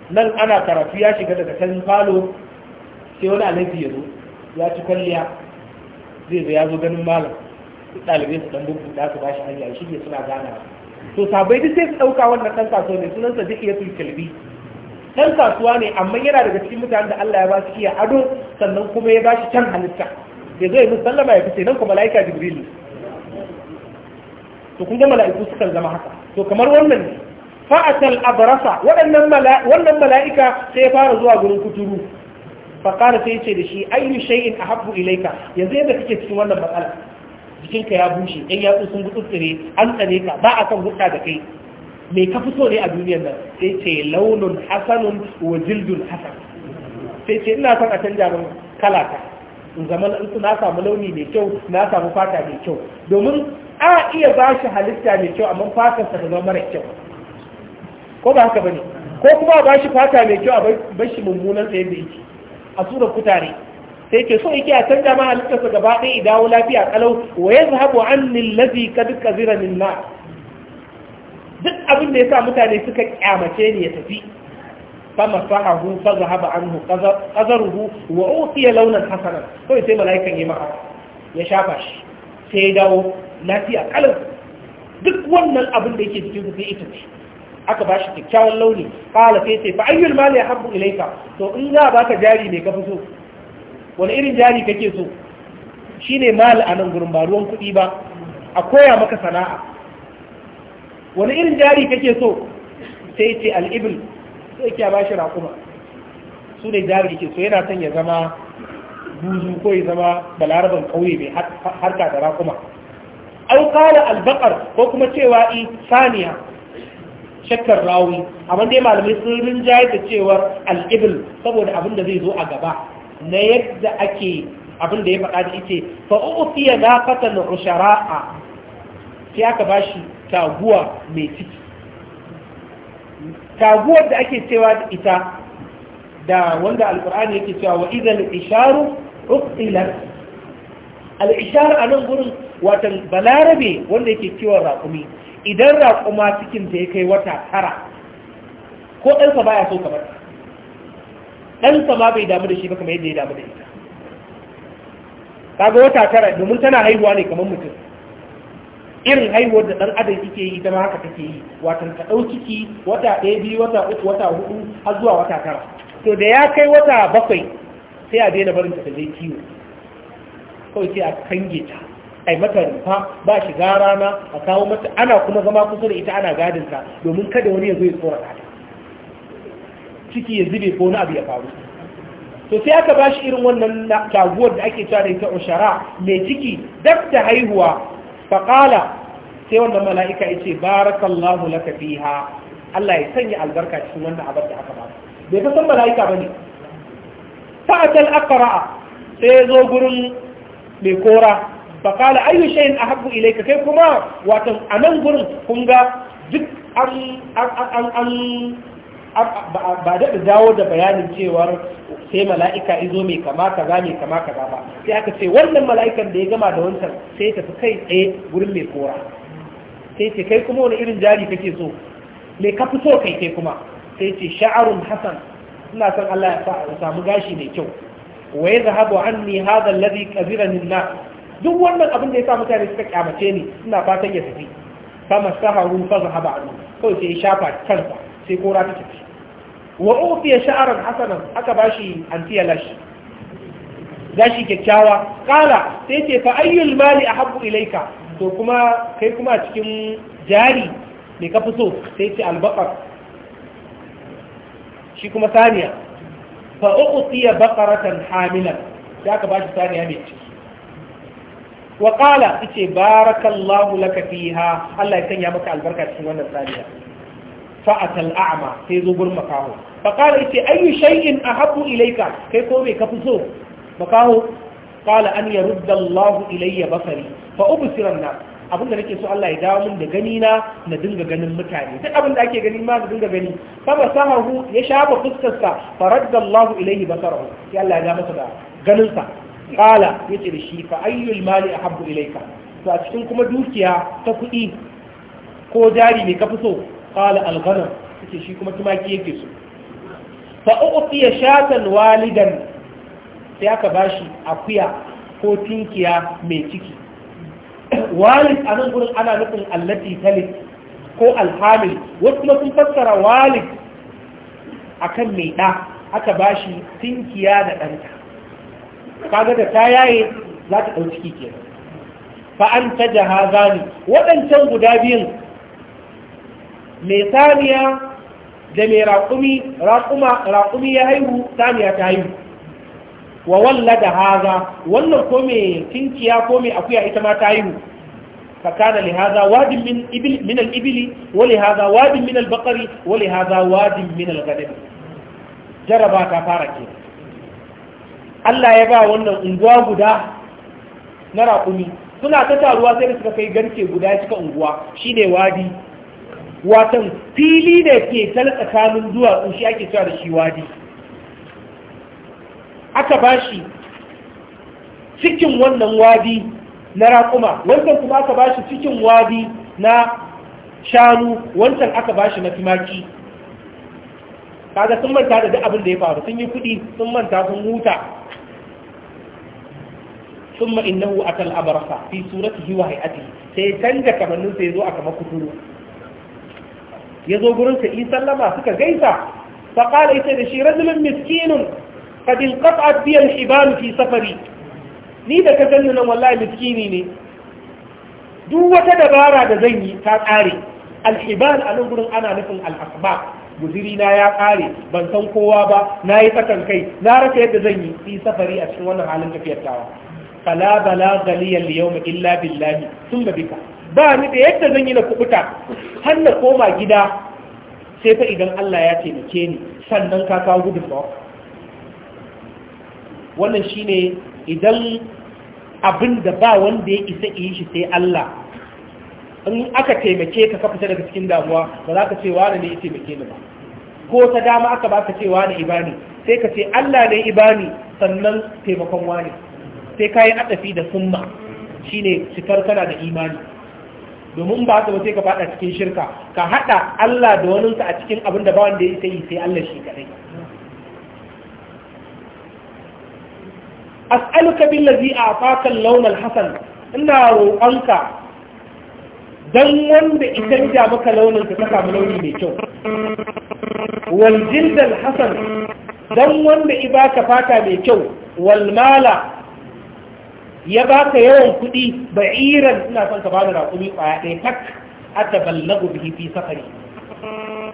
nan ana karatu ya shiga daga can falo sai wani alaji ya zo ya ci kwalliya zai zo ya zo ganin malam ɗalibai su dan da su ba shi hanya shi ke suna gana to sabai duk sai su ɗauka wannan ɗan kasuwa ne sunansa duk ya tulkalbi ɗan kasuwa ne amma yana daga cikin mutane da Allah ya ba su iya ado sannan kuma ya ba shi can halitta da zai ya musu sallama ya fice nan kuma malaika jibril to kun ga mala'iku sukan zama haka to kamar wannan ne fa'atal abrasa waɗannan wannan mala'ika sai ya fara zuwa gurin kuturu fa kana sai ce da shi ayyu shay'in ahabbu ilayka yanzu yadda kake cikin wannan matsala jikinka ya bushe ɗan yatsu sun gutsure an tsare ka ba a kan hudda da kai Mai ka fito ne a duniyar nan sai ce launin hasanun wa jildun hasan sai ce ina son a canja min kalata. ta in zama na samu launi mai kyau na samu fata mai kyau domin a iya ba shi halitta mai kyau amma fatarsa ta zama mara kyau ko ba haka bane ko kuma ba shi fata mai kyau a bar shi mummunan tsaye da yake a sura kutare sai ke so yake a canja ma halittarsa gaba ɗaya idawo lafiya kalau wa yazhabu anni allazi kad kazira min na duk abin da ya sa mutane suka kyamace ne ya tafi fama fahahu fa zahaba anhu qazaruhu wa utiya launan hasanan kawai sai mala'ikan yi maka ya shafa shi sai ya dawo lafiya kalin duk wannan abin da yake cikin sai ita ce aka ba shi kyakkyawan launi ƙala sai sai fa ayyul mali ya habbu ilaika to in za a baka jari ne ka fi so wani irin jari kake so shine mali a nan gurin ba ruwan kuɗi ba a koya maka sana'a wani irin jari kake so sai ce al'ibin sai kya ba shi raƙuma su ne jari ke so yana son ya zama buzu ko ya zama balarabin ƙauye mai harka da raƙuma an kala albakar ko kuma cewa i saniya shakkar rawi amma dai malamai sun rinjaye da cewar al'ibin saboda abin da zai zo a gaba na yadda ake abin da ya faɗa da ita fa'u'ufiya na fatan ushara'a ka aka bashi taguwa mai ciki taguwar da ake cewa da ita da wanda alkur'ani yake cewa wa idan isharu uqilat al-ishar a nan gurin watan balarabe wanda yake cewa raƙumi idan raƙuma cikin ta ya kai wata tara ko ɗansa baya so kamar ɗansa ma bai damu da shi ba kamar yadda ya damu da ita kaga wata tara domin tana haihuwa ne kamar mutum irin haihuwar da ɗan adam yake yi ita ma haka take yi watan ka ɗau ciki wata ɗaya biyu wata uku wata hudu har zuwa wata tara to da ya kai wata bakwai sai a daina barin ta je kiwo kawai sai a kange ta ai mata rufa ba gara na, a kawo mata ana kuma zama kusa da ita ana gadin ta domin kada wani ya zo ya tsora ta ciki ya zube ko wani abu ya faru to sai aka ba shi irin wannan taguwar da ake cewa da ita ushara mai ciki dab da haihuwa faƙala sai wanda mala'ika ya ce barakallahu laka fiha Allah ya sanya albarka cikin wannan abar da aka ba bai san mala'ika bane fa'atal akara sai ya zo gurin mai kora fa qala ayyu shay'in ahabbu ilayka kai kuma watan a nan gurin kun ga duk an ba da dawo da bayanin cewar sai mala'ika izo mai kama kaza mai kama kaza ba sai aka ce wannan mala'ikan da ya gama da wancan sai tafi kai tsaye gurin mai kora sai ce kai kuma wani irin jari kake so me ka fi so kai kai kuma sai ce sha'arun hasan ina son Allah ya samu gashi mai kyau wa yadhhabu anni hadha alladhi kabirani an duk wannan abin da ya sa mutane suka kyamace ni ina fatan ya tafi kama saharu fa zahaba anhu kawai sai ya shafa kansa sai kora ta tafi wa ufiya sha'aran hasanan aka bashi antiya lashi gashi kyakkyawa kala sai ce fa ayyul mali ahabbu ilayka to kuma kai kuma cikin jari ne ka fi so sai ce albakar shi kuma saniya fa uku tsiya bakaratan hamilan Ya ka ba shi saniya mai ciki wa ƙala ce barakallahu laka fiha Allah ya sanya maka albarka cikin wannan saniya fa'at a'ama sai zo gurin makaho fa ƙala ce ayyu shay'in ahabbu ilaika kai ko mai ka fi so makaho qala an yarudda Allah ilayya basari fa ubsira na abinda nake so Allah ya dawo min da gani na na dinga ganin mutane duk abin da ake gani ma na dinga gani fa basahu ya shafa fuskar sa fa radda Allah ilayhi basarahu ya Allah ya masa da ganin sa qala yace da shi fa ayyul mali ahabbu ilayka to a cikin kuma dukiya ta kuɗi ko jari ne ka fi so qala al-ghanam yace shi kuma tumaki yake so fa uqtiya shatan walidan sai aka shi akuya ko tinkiya mai ciki walid a nan gurin ana nufin allati talib ko alhamil wasu kuma fassara walid akan mai ɗa aka bashi tinkiya da ɗanta kaga da ta yaye za ta ɗau ciki ke Fa'an ta ta ne. waɗancan guda biyun mai saniya da mai raƙumi raƙumi ya haihu saniya ta haihu wa walla da haza wannan ko me tinkiya ko me akuya ita ma ta haihu فكان لهذا واد من إبل من الإبل ولهذا واد من البقر ولهذا jaraba ta fara جربا Allah ya ba wannan unguwa guda na raƙumi suna ta taruwa sai da suka kai garke guda suka unguwa shine wadi watan fili da ke tsakanin duwatsu shi ake cewa da shi wadi aka bashi cikin wannan wadi na raƙuma wancan kuma aka bashi cikin wadi na shanu wancan aka bashi na tumaki kaga sun manta da duk abin da ya faru sun yi kudi sun manta sun huta sun ma'innahu a kan abarsa fi suratu hiwa hai'ati sai canja kamannin ya zo a kama kuturu ya zo gurin sa yi sallama suka gaisa faƙala ita da shi rajulun miskinun قد انقطعت بي الحبال في سفري ni da ka sanni nan wallahi miskini ne duk wata dabara da zan yi ta tsare alhibal a nan gurin ana nufin al'asba guziri na ya tsare ban san kowa ba na yi tsakan kai na rasa yadda zan yi fi safari a cikin wannan halin tafiyar tawa fala bala galiyan liyau illa billahi sun da bika ba ni da yadda zan yi na kubuta har na koma gida sai ta idan Allah ya taimake ni sannan ka kawo gudunmawa wannan shi ne idan abin da ba wanda ya isa iya shi sai Allah in aka taimake ka kafa fita daga cikin damuwa ba za ka ce wane ne ya taimake ni ba ko ta dama aka ba ka ce wane ibani sai ka ce Allah ne ibani sannan taimakon wane sai ka yi da summa ne, cikar kana da imani domin ba haka ba sai ka faɗa cikin shirka ka haɗa Allah da waninsa a cikin abin da ba wanda ya isa yi sai Allah shi kaɗai. as'aluka billazi a'taka al-lawn al-hasan ina roƙonka dan wanda idan ja maka launin ka samu launi mai kyau wal jild al-hasan dan wanda i baka fata mai kyau wal mala ya baka yawan kuɗi ba'iran ina son ka bada raƙumi ƙwaya ɗaya tak ataballagu bihi fi safari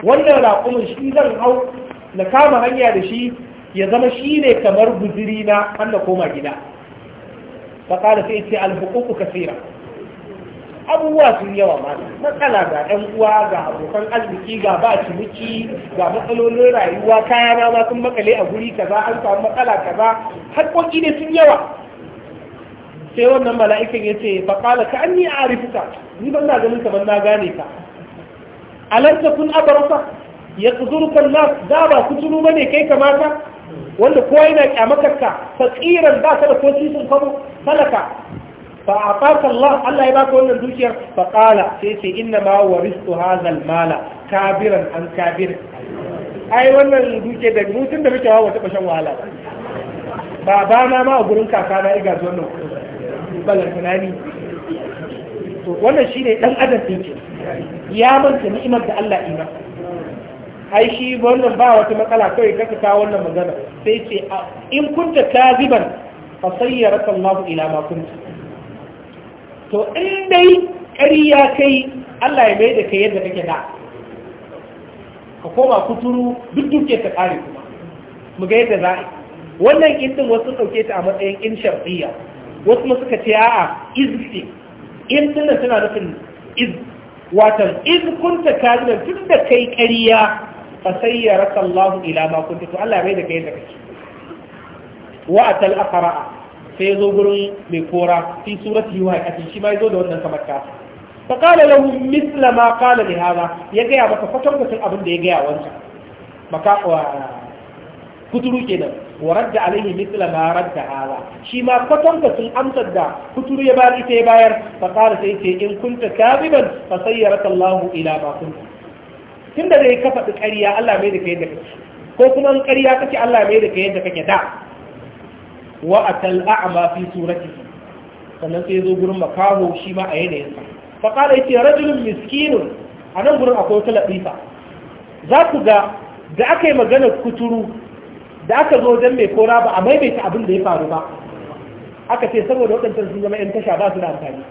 wannan raƙumin shi zan hau na kama hanya da shi ya zama shi ne kamar guziri na wanda koma gida ba kada sai ce alhukuku kasira abubuwa sun yawa ma matsala ga ɗan uwa ga abokan arziki ga ba ciniki ga matsalolin rayuwa kaya na ma sun makale a guri kaza an samu matsala kaza haƙoƙi ne sun yawa sai wannan mala'ikan ya ce faƙala ka an yi a arifuka ni ban na ganin kamar na gane ka alarta kun abarsa ya tsuzurukan nas da ba kuturu bane kai kamata wanda kowa yana kyamakarka faqiran ba ka da ko sun kwabo talaka fa ataka Allah Allah ya baka wannan dukiyar fa qala sai ce inna ma waristu hadha al mala kabiran an kabir ai wannan dukiyar da mutum da muke hawa ta shan wahala ba ba na ma a gurin kaka na iga zuwa nan balan tunani to wannan shine dan adam din ya manta ni'imar da Allah ima ai shi wannan ba wata matsala kawai kaka kawo wannan magana sai ce in kunta kaziban fa sayyara Allah ila ma kunta to in dai ƙarya kai Allah ya mai da kai yadda kake da ka koma kuturu duk duke ta kare kuma mu ga yadda a wannan indin wasu ɗauke ta a matsayin in shar'iyya wasu suka ce a'a izfi in tunan suna nufin iz watan iz kunta kaziban tun da kai ƙarya fa sayyaraka Allah ila ma to Allah bai da kai da kake wa atal sai zo mai kora fi surati wa ayati shi ma yazo da wannan kamar ta fa qala lahu misla ma qala li ya ga ya fatan mutum abin da ya ga ya wanta maka kenan wa radda alaihi misla ma radda hada shi ma fatan amsar da kuturu ya bayar ya bayar fa sai in kunta kadiban fa ila tun da zai kafa ƙarya Allah mai da ka yadda kake ko kuma in ƙariya kake Allah mai da ka yadda kake da wa atal a'ma fi surati sannan sai zo gurin makaho shi ma a yanayin sa fa qala rajulun miskinun anan gurin akwai wata ladifa za ku ga da aka yi magana kuturu da aka zo don mai kora ba a maimaita abin da ya faru ba aka ce saboda waɗancan sun zama 'yan tasha ba su da amfani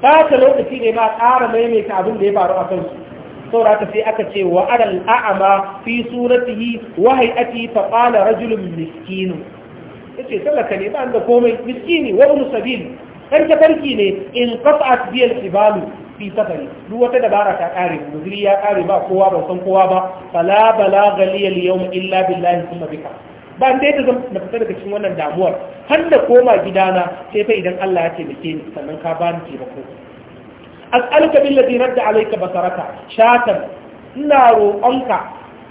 ta lokaci ne ma ƙara maimaita abin da ya faru a kansu Saurata sai aka ce wa aral a'ama fi suratihi wa hay'ati fa qala rajulun miskin yace sallaka ne ba da komai miskini wa ibn sabil dan farki ne in qat'at bi al-jibal fi safari duk wata dabara ta kare guzuri ya kare ba kowa ba san kowa ba fala balagha li al-yawm illa billahi thumma bika ba dai da zan na fita daga cikin wannan damuwar har da koma gidana sai fa idan Allah ya taimake ni sannan ka bani taimako as'aluka billazi radda alayka basaraka shatan ina roƙonka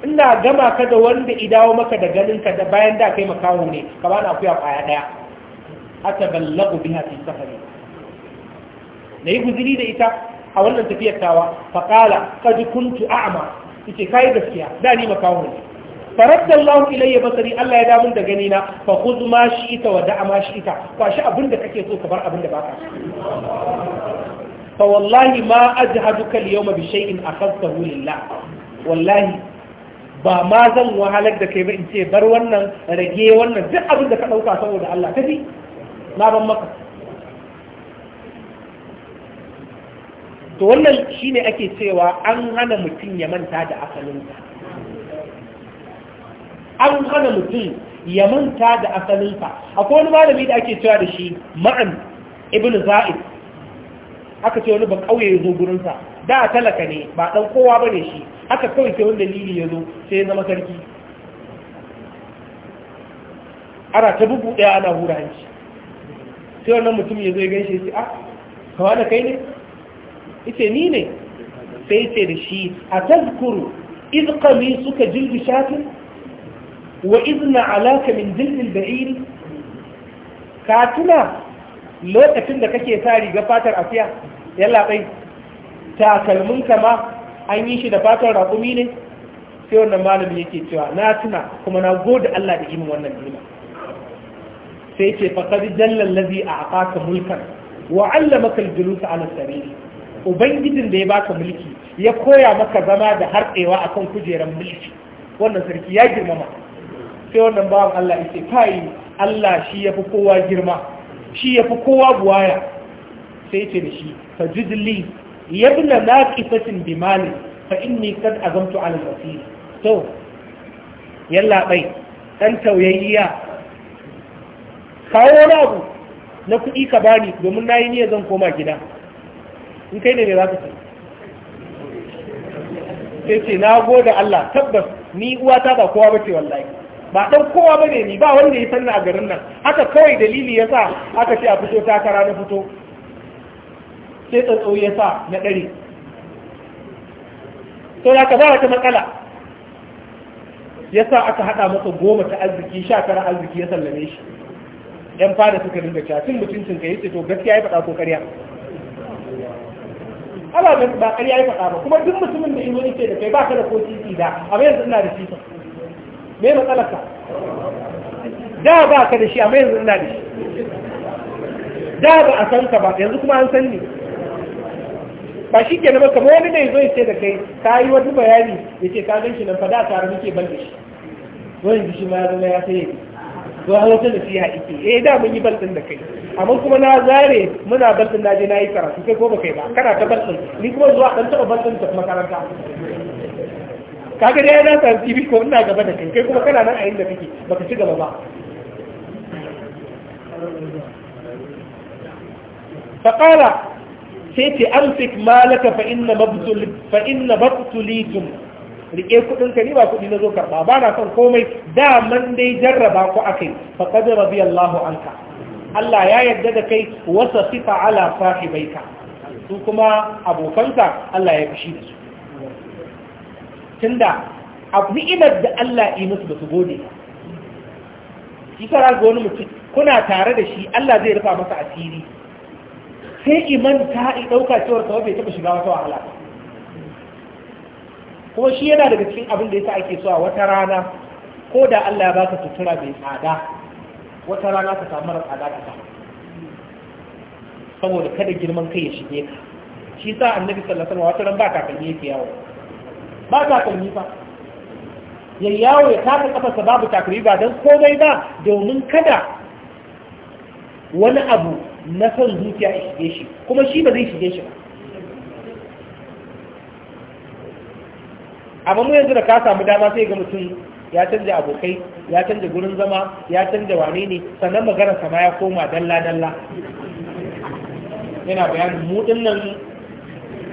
ina gama ka da wanda idawo maka da ganinka da bayan da kai makawo ne ka bani akuya kwaya daya ballagu biha fi safari Na yi guzuri da ita a wannan tafiyar tawa qala qad kuntu a'ma yace kai gaskiya da ni makawo ne faradda Allah ilayya basari Allah ya damun da gani na fa khudh ma ita wa da ma ita kwashi abinda kake so ka bar abinda baka fa wallahi ma ajhaduka al-yawma bi shay'in akhadtahu lillah wallahi ba ma zan wahalar da kai ba in ce bar wannan rage wannan duk abin da ka ɗauka saboda Allah kaji na ban maka to wannan shine ake cewa an hana mutum ya manta da asalinsa an hana mutum ya manta da asalinsa akwai wani malami da ake cewa da shi ma'an ibn za'id aka ce wani ba kauye ya zo gurinsa da talaka ne ba dan kowa ba ne shi aka kawai sai wani dalili ya zo sai ya zama sarki ana ta bugu ɗaya ana hura hanci sai wannan mutum ya zo ya gaishe shi a ah, kawa da kai ne ita ni ne sai ce da shi a tazkuru izkami suka jirgi shafin wa izna alaka min jirgin da'iri ka tuna lokacin da kake sa riga fatar afiya yalla bai takalmin kama an yi shi da fatar raƙumi ne sai wannan malami yake cewa na tuna kuma na gode Allah da imin wannan ni'ima sai ce faqad jalla allazi a'taka mulkan wa 'allamaka al-julus 'ala sariri ubangijin da ya baka mulki ya koya maka zama da harɗewa akan kujeran mulki wannan sarki ya girmama sai wannan bawan Allah yake kai Allah shi yafi kowa girma shi ya fi kowa buwaya sai ce da shi fa jidli ya bi na fashin bimali fa inni kad azamtu ala to yalla bai ɗan tauyayya kawo wani abu na kuɗi ka bani domin na yi zan koma gida in kai ne ne za ka ce sai ce na gode Allah tabbas ni uwata ba kowa ba ce wallahi ba ɗan kowa ne ni ba wanda ya sanna a garin nan haka kawai dalili ya sa aka ce a fito takara na fito sai tsatsau ya sa na ɗari to da ka ba ta matsala ya sa aka haɗa masa goma ta arziki sha tara arziki ya sallame shi yan fada suka dinga cewa cin mutuncin ka yace to gaskiya ya faɗa ko ƙarya ala ba ƙarya ya faɗa ba kuma duk mutumin da izo yake da kai ba ka da ko titi da abin yanzu ina da titin me matsalarka da ba ka da shi amma yanzu ina da shi da ba a san ka ba yanzu kuma an san ni ba shi ke nama kamar wani ne zo ya ce da kai ka yi wani bayani ya ce ka gan shi nan fada tare muke ban da shi wani shi ma ya zama ya sai to an wata siya ike eh da mun yi balɗin da kai amma kuma na zare muna balɗin na je na yi karatu kai ko ba kai ba kana ta balɗin ni kuma zuwa ɗan taɓa balɗin ta makaranta kaga dai na san TV ko ina gaba da kai kai kuma kana nan a inda kake baka ci gaba ba فقال سيتي أمسك مالك فإن مبتل فإن مبتليتم rike kudin ka ni ba kudi na zo karba ba na son komai daman dai jarraba ku akai fa qad radiyallahu anka Allah ya yarda da kai wasa sifa ala sahibaika su kuma abokanka Allah ya fushi da su tunda abu ni'imar da Allah yi musu ba su gode shi sara ga wani mutum kuna tare da shi Allah zai rufa masa asiri sai iman ta yi ɗauka cewar ta bai taɓa shiga wata wahala kuma shi yana daga cikin abin da yasa ake so a wata rana ko da Allah ya ka tutura mai tsada wata rana ka samu mara tsada ka saboda kada girman kai ya shige ka shi sa annabi sallallahu alaihi wasallam wata ran ba takalmi yake yawo ba kalmi ba ya yawo ya taka kafarsa babu takalmi ba don komai ba domin kada wani abu na son zuciya ya shige shi kuma shi ba zai shige shi ba amma mu yanzu da ka samu dama sai ga mutum ya canja abokai ya canja gurin zama ya canja wane ne sannan maganar sama ya koma dalla dalla yana bayanin mu nan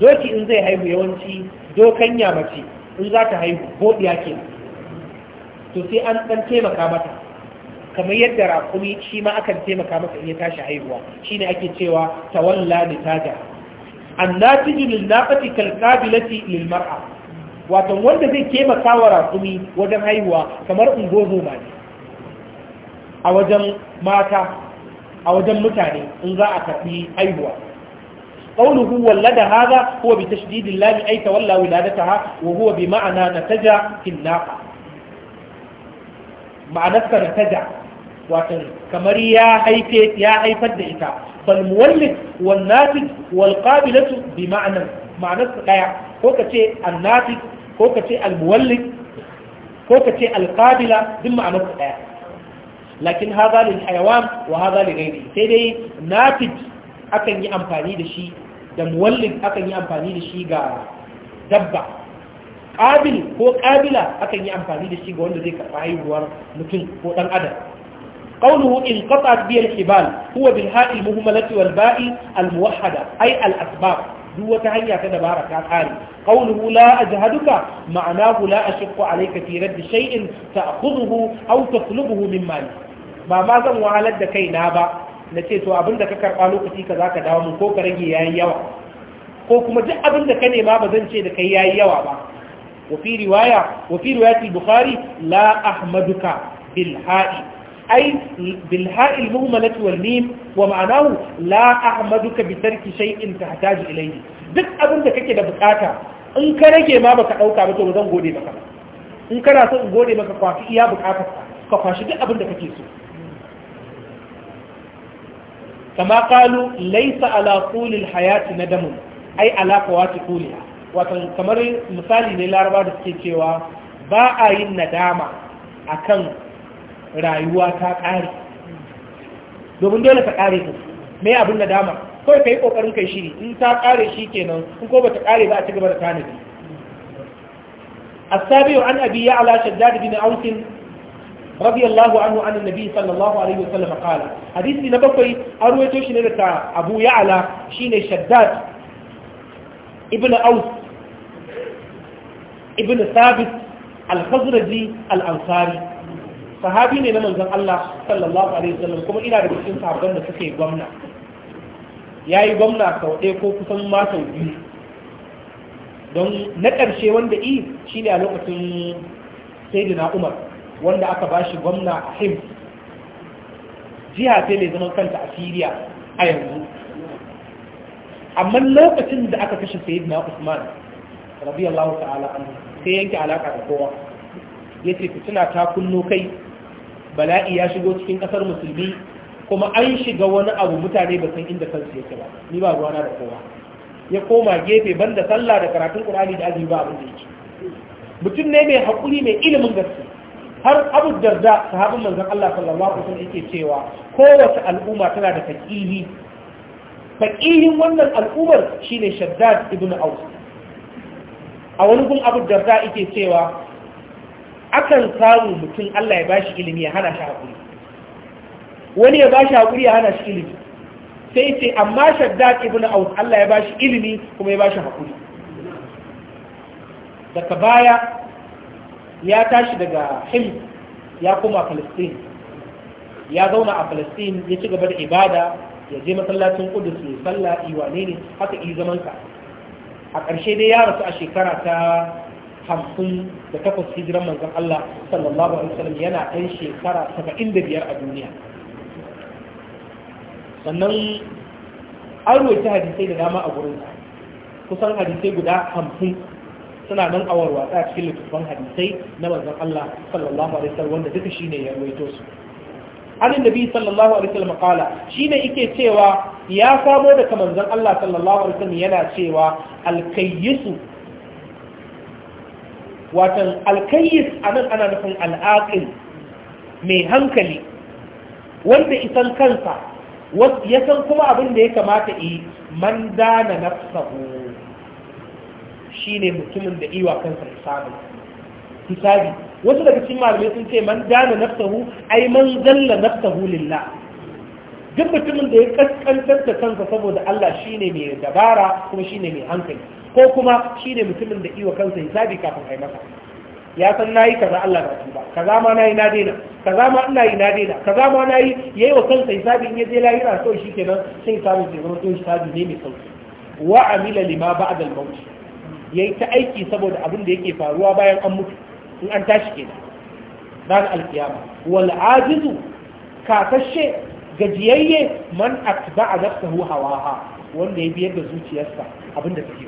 doki in zai haihu yawanci dokan ya mace in za ta haihu bodiya ke to sai an ɗan taimaka mata kamar yadda rakumi shi ma akan taimaka masa in ya tashi haihuwa shine ake cewa tawalla nitaja annatiju lil naqati kal qabilati lil mar'a wato wanda zai taimaka wa raƙumi wajen haihuwa kamar ungozo ma ne a wajen mata a wajen mutane in za a karɓi haihuwa قوله ولد هذا هو بتشديد اللام أي تولى ولادتها وهو بمعنى نتجع في الناقة معنى نتجع وكان كمر يا حيث يا حيفت إتا فالمولد والناتج والقابلة بمعنى معنى سقايا هو كتي الناتج هو كتي المولد هو كتي القابلة بمعنى سقايا لكن هذا للحيوان وهذا لغيره تدي ناتج akan yi da muwallin akan yi amfani da shi ga dabba ƙabil ko ƙabila akan yi amfani da shi ga wanda zai karɓi haihuwar mutum ko ɗan adam qawluhu in qata bi al hibal huwa bil ha'i muhmalati ba'i al muwahhada ay al asbab duk wata hanya ta dabara ta tsari qawluhu la ajhaduka ma'anahu la ashqu alayka fi radd shay'in ta'khudhuhu aw tatlubuhu min mali ba zan wahalar da kaina ba na ce to abinda ka karɓa lokaci ka za ka dawo mu ko ka rage yi yawa ko kuma duk abinda ka nema ba zan ce da kai yayi yawa ba wa fi riwaya wa fi riwayati bukhari la ahmaduka Bilha'i. ai bil muhmalati wal mim wa ma'anahu la ahmaduka bi tarki shay'in tahtaju ilayhi duk abinda kake da bukata in ka rage ma baka dauka ba to ba zan gode maka ba in kana so in gode maka kwafi iya bukatar ka kwashi duk abinda kake so kama kalu laisa ala kulil hayati na damun ai ala kawati kuliya watan kamar misali ne laraba da suke cewa ba a yin nadama akan rayuwa ta ƙare domin dole ta ƙare ta mai abin nadama kawai ka yi ƙoƙarin kai shiri in ta ƙare shi kenan in ko ba ta ƙare ba a ci gaba da tanadi السابع عن أبي يعلى شداد بن أوس رضي الله عنه عن النبي صلى الله عليه وسلم قال حديث نبقي أرويته شنرك أبو يعلى شين شداد ابن أوس ابن ثابت الخزرجي الأنصاري sahabi ne na manzan Allah sallallahu alaihi wasallam kuma ina da cikin sahabban da suke gwamna yayi gwamna sau ɗaya ko kusan ma sau biyu don na ƙarshe wanda i shine a lokacin sayyidina Umar wanda aka ba shi gwamna a him jiha ce mai zaman kanta a Siriya a yanzu amma lokacin da aka kashe sayyidina Usman radiyallahu ta'ala anhu sai yanke alaka da kowa yace fitina ta kunno kai bala'i ya shigo cikin kasar musulmi kuma an shiga wani abu mutane ba san inda kansu yake ba ni ba ruwana da kowa ya koma gefe banda sallah da karatun qur'ani da azumi ba abin da yake mutum ne mai hakuri mai ilimin gaske har abu darda sahabin manzon Allah sallallahu alaihi wasallam yake cewa kowace al'umma tana da faqihi faqihin wannan al'ummar shi ne Shaddad ibn Aus a wani gun abu darda yake cewa akan samu mutum Allah ya bashi ilimi ya hana shi haƙuri. wani ya bashi haƙuri ya hana shi ilimi sai ce amma Shaddad ibn Aus Allah ya bashi ilimi kuma ya bashi hakuri daga baya ya tashi daga him ya koma palestine ya zauna a palestine ya ci gaba da ibada ya je masallacin kudus ya sallah iwane ne haka yi zamansa a ƙarshe dai ya rasu a shekara ta hamsin da takwas hijiran manzan Allah sallallahu alaihi wasallam yana ɗan shekara saba'in da biyar a duniya sannan an ruwaita hadisai da dama a gurinsa kusan hadisai guda hamsin suna nan awar watsa a cikin littattafan hadisai na manzon Allah sallallahu alaihi wasallam wanda duka shine ya ruwaito su an annabi sallallahu alaihi wasallam qala shine yake cewa ya samo da manzon Allah sallallahu alaihi wasallam yana cewa alkayyisu watan alkayyis anan ana nufin al'aqil mai hankali wanda isan kansa ya san kuma abin da ya kamata yi man dana nafsahu Shi ne mutumin da iwa kansa hisabi hisabi wasu daga cikin malamai sun ce man dana naftahu ai man zalla naftahu lillah duk mutumin da ya kaskantar da kansa saboda Allah shine mai dabara kuma shine mai hankali ko kuma shine mutumin da iwa kansa hisabi kafin ai masa ya san nayi kaza Allah na tuba kaza ma nayi na daina kaza ma ina yi na daina kaza ma nayi yayi wa kansa hisabi in yaje lahira to shikenan sai hisabi zai zama to hisabi ne mai sauki wa amila lima ba'da al-maut ya yi ta aiki saboda abin da yake faruwa bayan an mutu in an tashi kenan ran alkiyama wal ajizu kasashe gajiyayye man atba'a nafsahu hawaha wanda ya biyar da zuciyarsa abin da take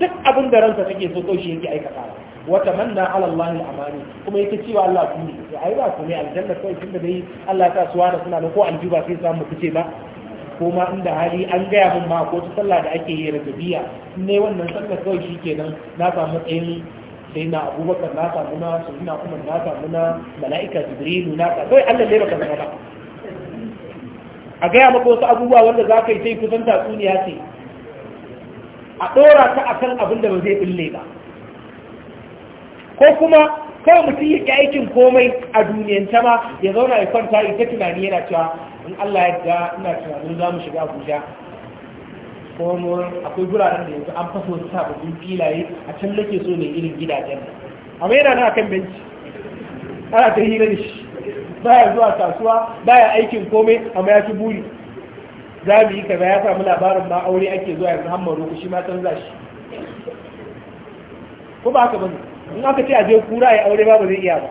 duk abin da ransa take so to shi yake aikatawa wata manna ala Allah amani kuma yake cewa Allah ku ne ai ba ku ne aljanna kai tunda dai Allah ta suwa da suna ko aljuba sai samu fice ba ko ma inda hali an gaya min ma ko ta sallah da ake yi rajabiya in ne wannan sallah kawai shi kenan na samu tsayin sai na abubakar na samu na na kuma na samu na mala'ika jibrilu na ka kawai allah ne baka zama ba a gaya maka wasu abubuwa wanda za ka yi sai kusan tatsuniya ce a ɗora ka akan abin da ba zai ɓille ba ko kuma kawai mutum ya ƙi aikin komai a duniyanta ma ya zauna ya kwanta ita ta tunani yana cewa in Allah ya ga ina tunanin za mu shiga Abuja ko akwai guraren da yanzu an faso su sababbin filaye a can nake so ne irin gidajen amma yana nan akan benci ana ta hira da shi baya zuwa kasuwa baya aikin komai amma ya ci buri za mu yi kaza ya samu labarin ma aure ake zuwa yanzu hamma shi ma canza shi ko ba haka bane in aka ce a je kura ya aure ba ba zai iya ba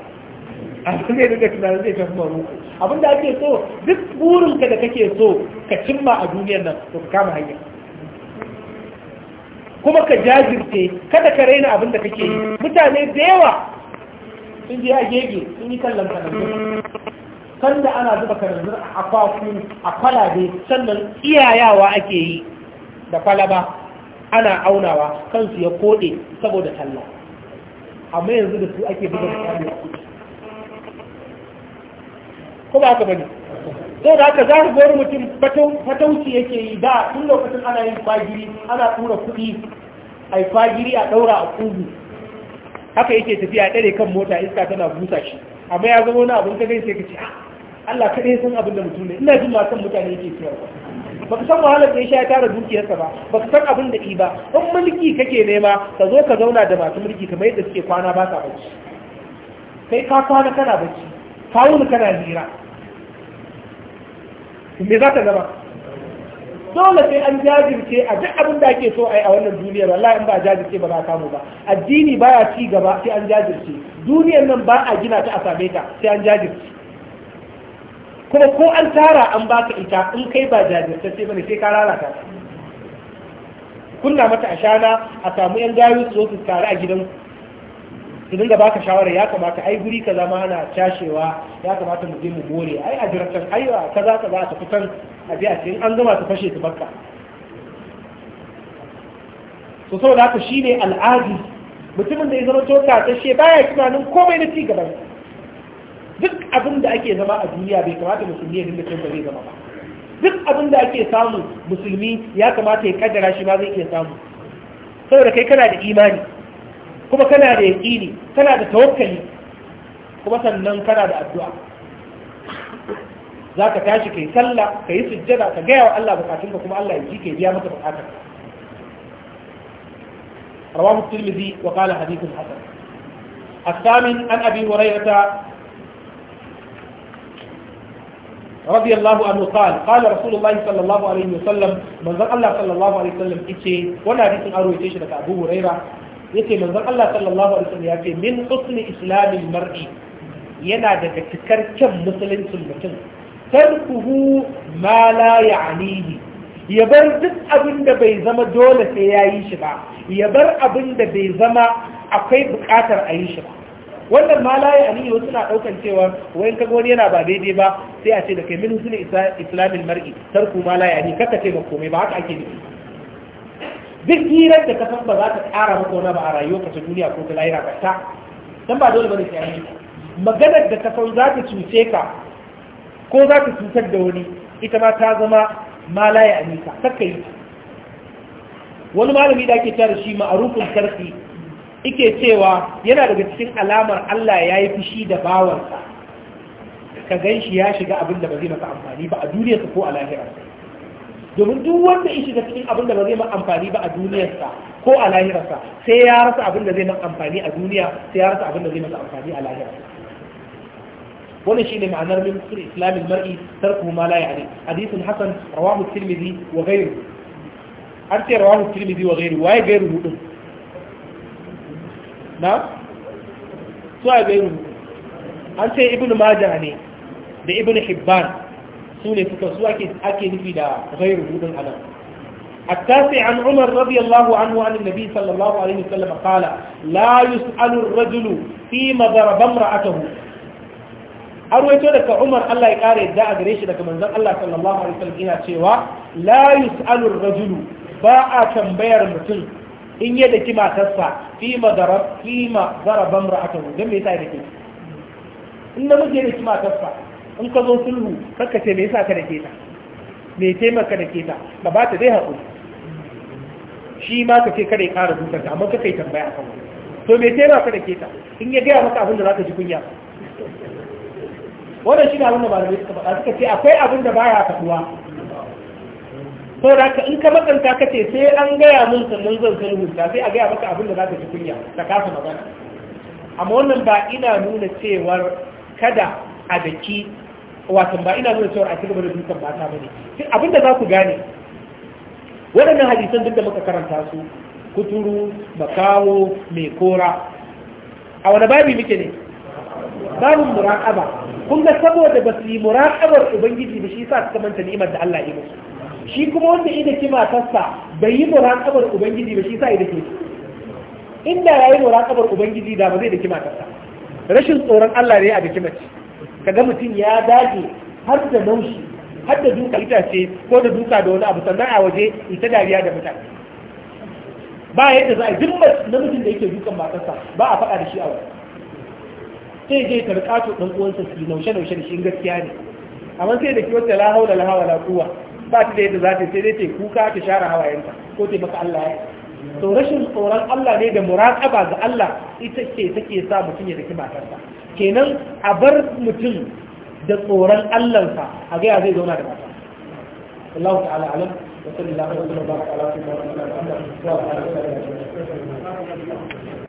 sun zai daga tunanin zai tafi maru abin da ake so duk burinka da kake so ka cimma a duniyar nan to ka kama hanya kuma ka jajirce kada ka raina abin da kake yi mutane da yawa sun je a gege sun yi kallon kananzir kan da ana zuba kananzir a kwaku a kwalabe sannan iyayawa ake yi da kwalaba ana aunawa kansu ya kode saboda talla amma yanzu da su ake buga da a kuɗi ko ba haka bane sai da haka za gori mutum fatauci yake yi da tun lokacin ana yin fagiri ana tura kuɗi ai fagiri a ɗaura a kugu haka yake tafiya dare ɗare kan mota iska tana busa shi amma ya zama wani abin ka gani ya ce ah, Allah kaɗai san abin da mutum ne ina jin masan mutane yake siyarwa. baka san wahalar da ya sha tara dukiyarsa ba baka san abin da ke ba in mulki kake nema ka zo ka zauna da masu mulki kamar yadda suke kwana ba sa bacci kai ka kwana kana bacci kawun kana hira me za ta zama dole sai an jajirce a duk abin da ake so a yi a wannan duniyar wallahi in ba a jajirce ba za a samu ba addini baya ci gaba sai an jajirce duniyar nan ba a gina ta a same ta sai an jajirce kuma ko an tara an baka ita in kai ba jajirtacce bane sai ka lalata kunna mata ashana a samu yan gayu su zo su tare a gidan su dinga baka shawara ya kamata ai guri kaza ma ana cashewa ya kamata mu je mu gore ai a jiratan aiwa kaza kaza ta fitan a a ce an gama ta fashe ta bakka Su saboda haka shine al'adi mutumin da ya zama tota ta she baya tunanin komai na ci gaban duk abin da ake zama a duniya bai kamata musulmi ya dinga canza zai zama ba duk abin da ake samu musulmi ya kamata ya kaddara shi ma zai iya samu saboda kai kana da imani kuma kana da yaƙini kana da tawakkali kuma sannan kana da addu'a za ka tashi kai sallah ka yi sujjada ka gaya wa Allah ka, kuma Allah ya ji ka biya maka bukatunka رواه الترمذي وقال حديث حسن الثامن عن ابي هريره رضي الله عنه قال قال رسول الله صلى الله عليه وسلم من ذا الله صلى الله عليه وسلم إتي ولا ريت أروي تيش لك أبو هريرة يتي من ذا الله صلى الله عليه وسلم يأتي من حسن إسلام المرء yana daga cikar kyan musuluncin mutum tarkuhu ma la ya'nihi ya bar duk abin da bai zama dole sai ya yi shi ba ya bar abin da bai zama akwai bukatar a yi shi ba wannan ma la yani wasu na daukan cewa wayan kaga wani yana ba daidai ba sai a ce da kai min husni islamin mar'i tarku ma la yani kaka ce ba komai ba haka ake nufi duk hirar da ka ba za ta ƙara maka wani ba a ka ta duniya ko ta lahira ba ta dan ba dole bane sai an yi maganar da ka za ta cuce ka ko za ta cutar da wani ita ma ta zama ma la yani ka kaka yi wani malami da ake tare shi ma'arufin karfi ike cewa yana daga cikin alamar Allah ya yi fushi da bawansa ka gan shi ya shiga abin da ba zai maka amfani ba a duniyarsa ko a lahirarsa domin duk wanda ya shiga cikin abin da ba zai maka amfani ba a duniyarsa ko a lahirarsa sai ya rasa abin da zai maka amfani a duniya sai ya rasa abin da zai maka amfani a lahirarsa wannan shine ma'anar min sir islamin mar'i tarku ma la ya'ni hadithun hasan rawahu tirmidhi wa ghayruhu an ce rawahu tirmidhi wa ghayruhu waye ghayruhu din na suwa gairu an ce ibn majah ne da ibn hibban su ne suka su ake nufi da gairu hudun anan التاسع عن عمر رضي الله عنه عن النبي صلى الله عليه وسلم قال لا يسأل الرجل فيما ضرب امرأته أرويتو لك عمر الله يقاري الداء قريش لك منزل الله صلى الله عليه وسلم إنا تشيوا لا يسأل الرجل باء تنبير متن إن يدك ما تسع fima darab fima zarabam ra'atahu dan me yasa yake in muke da kima kafa in ka zo sulhu kaka ce me yasa ka dake ta me taimaka dake ta ba ba ta dai hakuri shi ma ka ce kada ya ƙara dukan ta amma ka kai tambaya a wani to me taimaka dake ta in ya gaya maka abin da zaka ji kunya wannan shi ne abin da malamai suka faɗa suka ce akwai abin da baya faɗuwa saboda ka in ka matsanta ka ce sai an gaya mun sannan zan san rubuta sai a gaya maka abin da za ka ci kunya ta kasa magana amma wannan ba ina nuna cewar kada a daki wato ba ina nuna cewar a cigaba da dukan mata ba ne abin da za ku gane waɗannan hadisan duk da muka karanta su kuturu makawo mai kora a wani babi muke ne babin muraƙaba kun ga saboda ba su yi muraƙabar ubangiji da shi sa su manta ni'imar da Allah ya musu shi kuma wanda ida ki matarsa bai yi kabar ubangiji ba shi sa ida ke. inda ya yi yayi kabar ubangiji da ba zai da ki matarsa rashin tsoron Allah ne a da mace kaga mutum ya dage har da naushi har da duka itace ko da duka da wani abu sannan a waje ita dariya da mutane ba yadda za a na namijin da yake dukan matarsa ba a faɗa da shi a waje sai je ta ɗan uwansa su naushe naushe da shi gaskiya ne amma sai da ke wata lahau da lahawa na quwwa ba ta da yadda za ta sai dai ta kuka ta share hawayenta ko ta maka Allah ya to rashin tsoron Allah ne da muraqaba ga Allah ita ce take sa mutum ya daki matarsa kenan a bar mutum da tsoron Allah sa a ga ya zai zauna da mata Allah ta'ala alam wa sallallahu alaihi wa sallam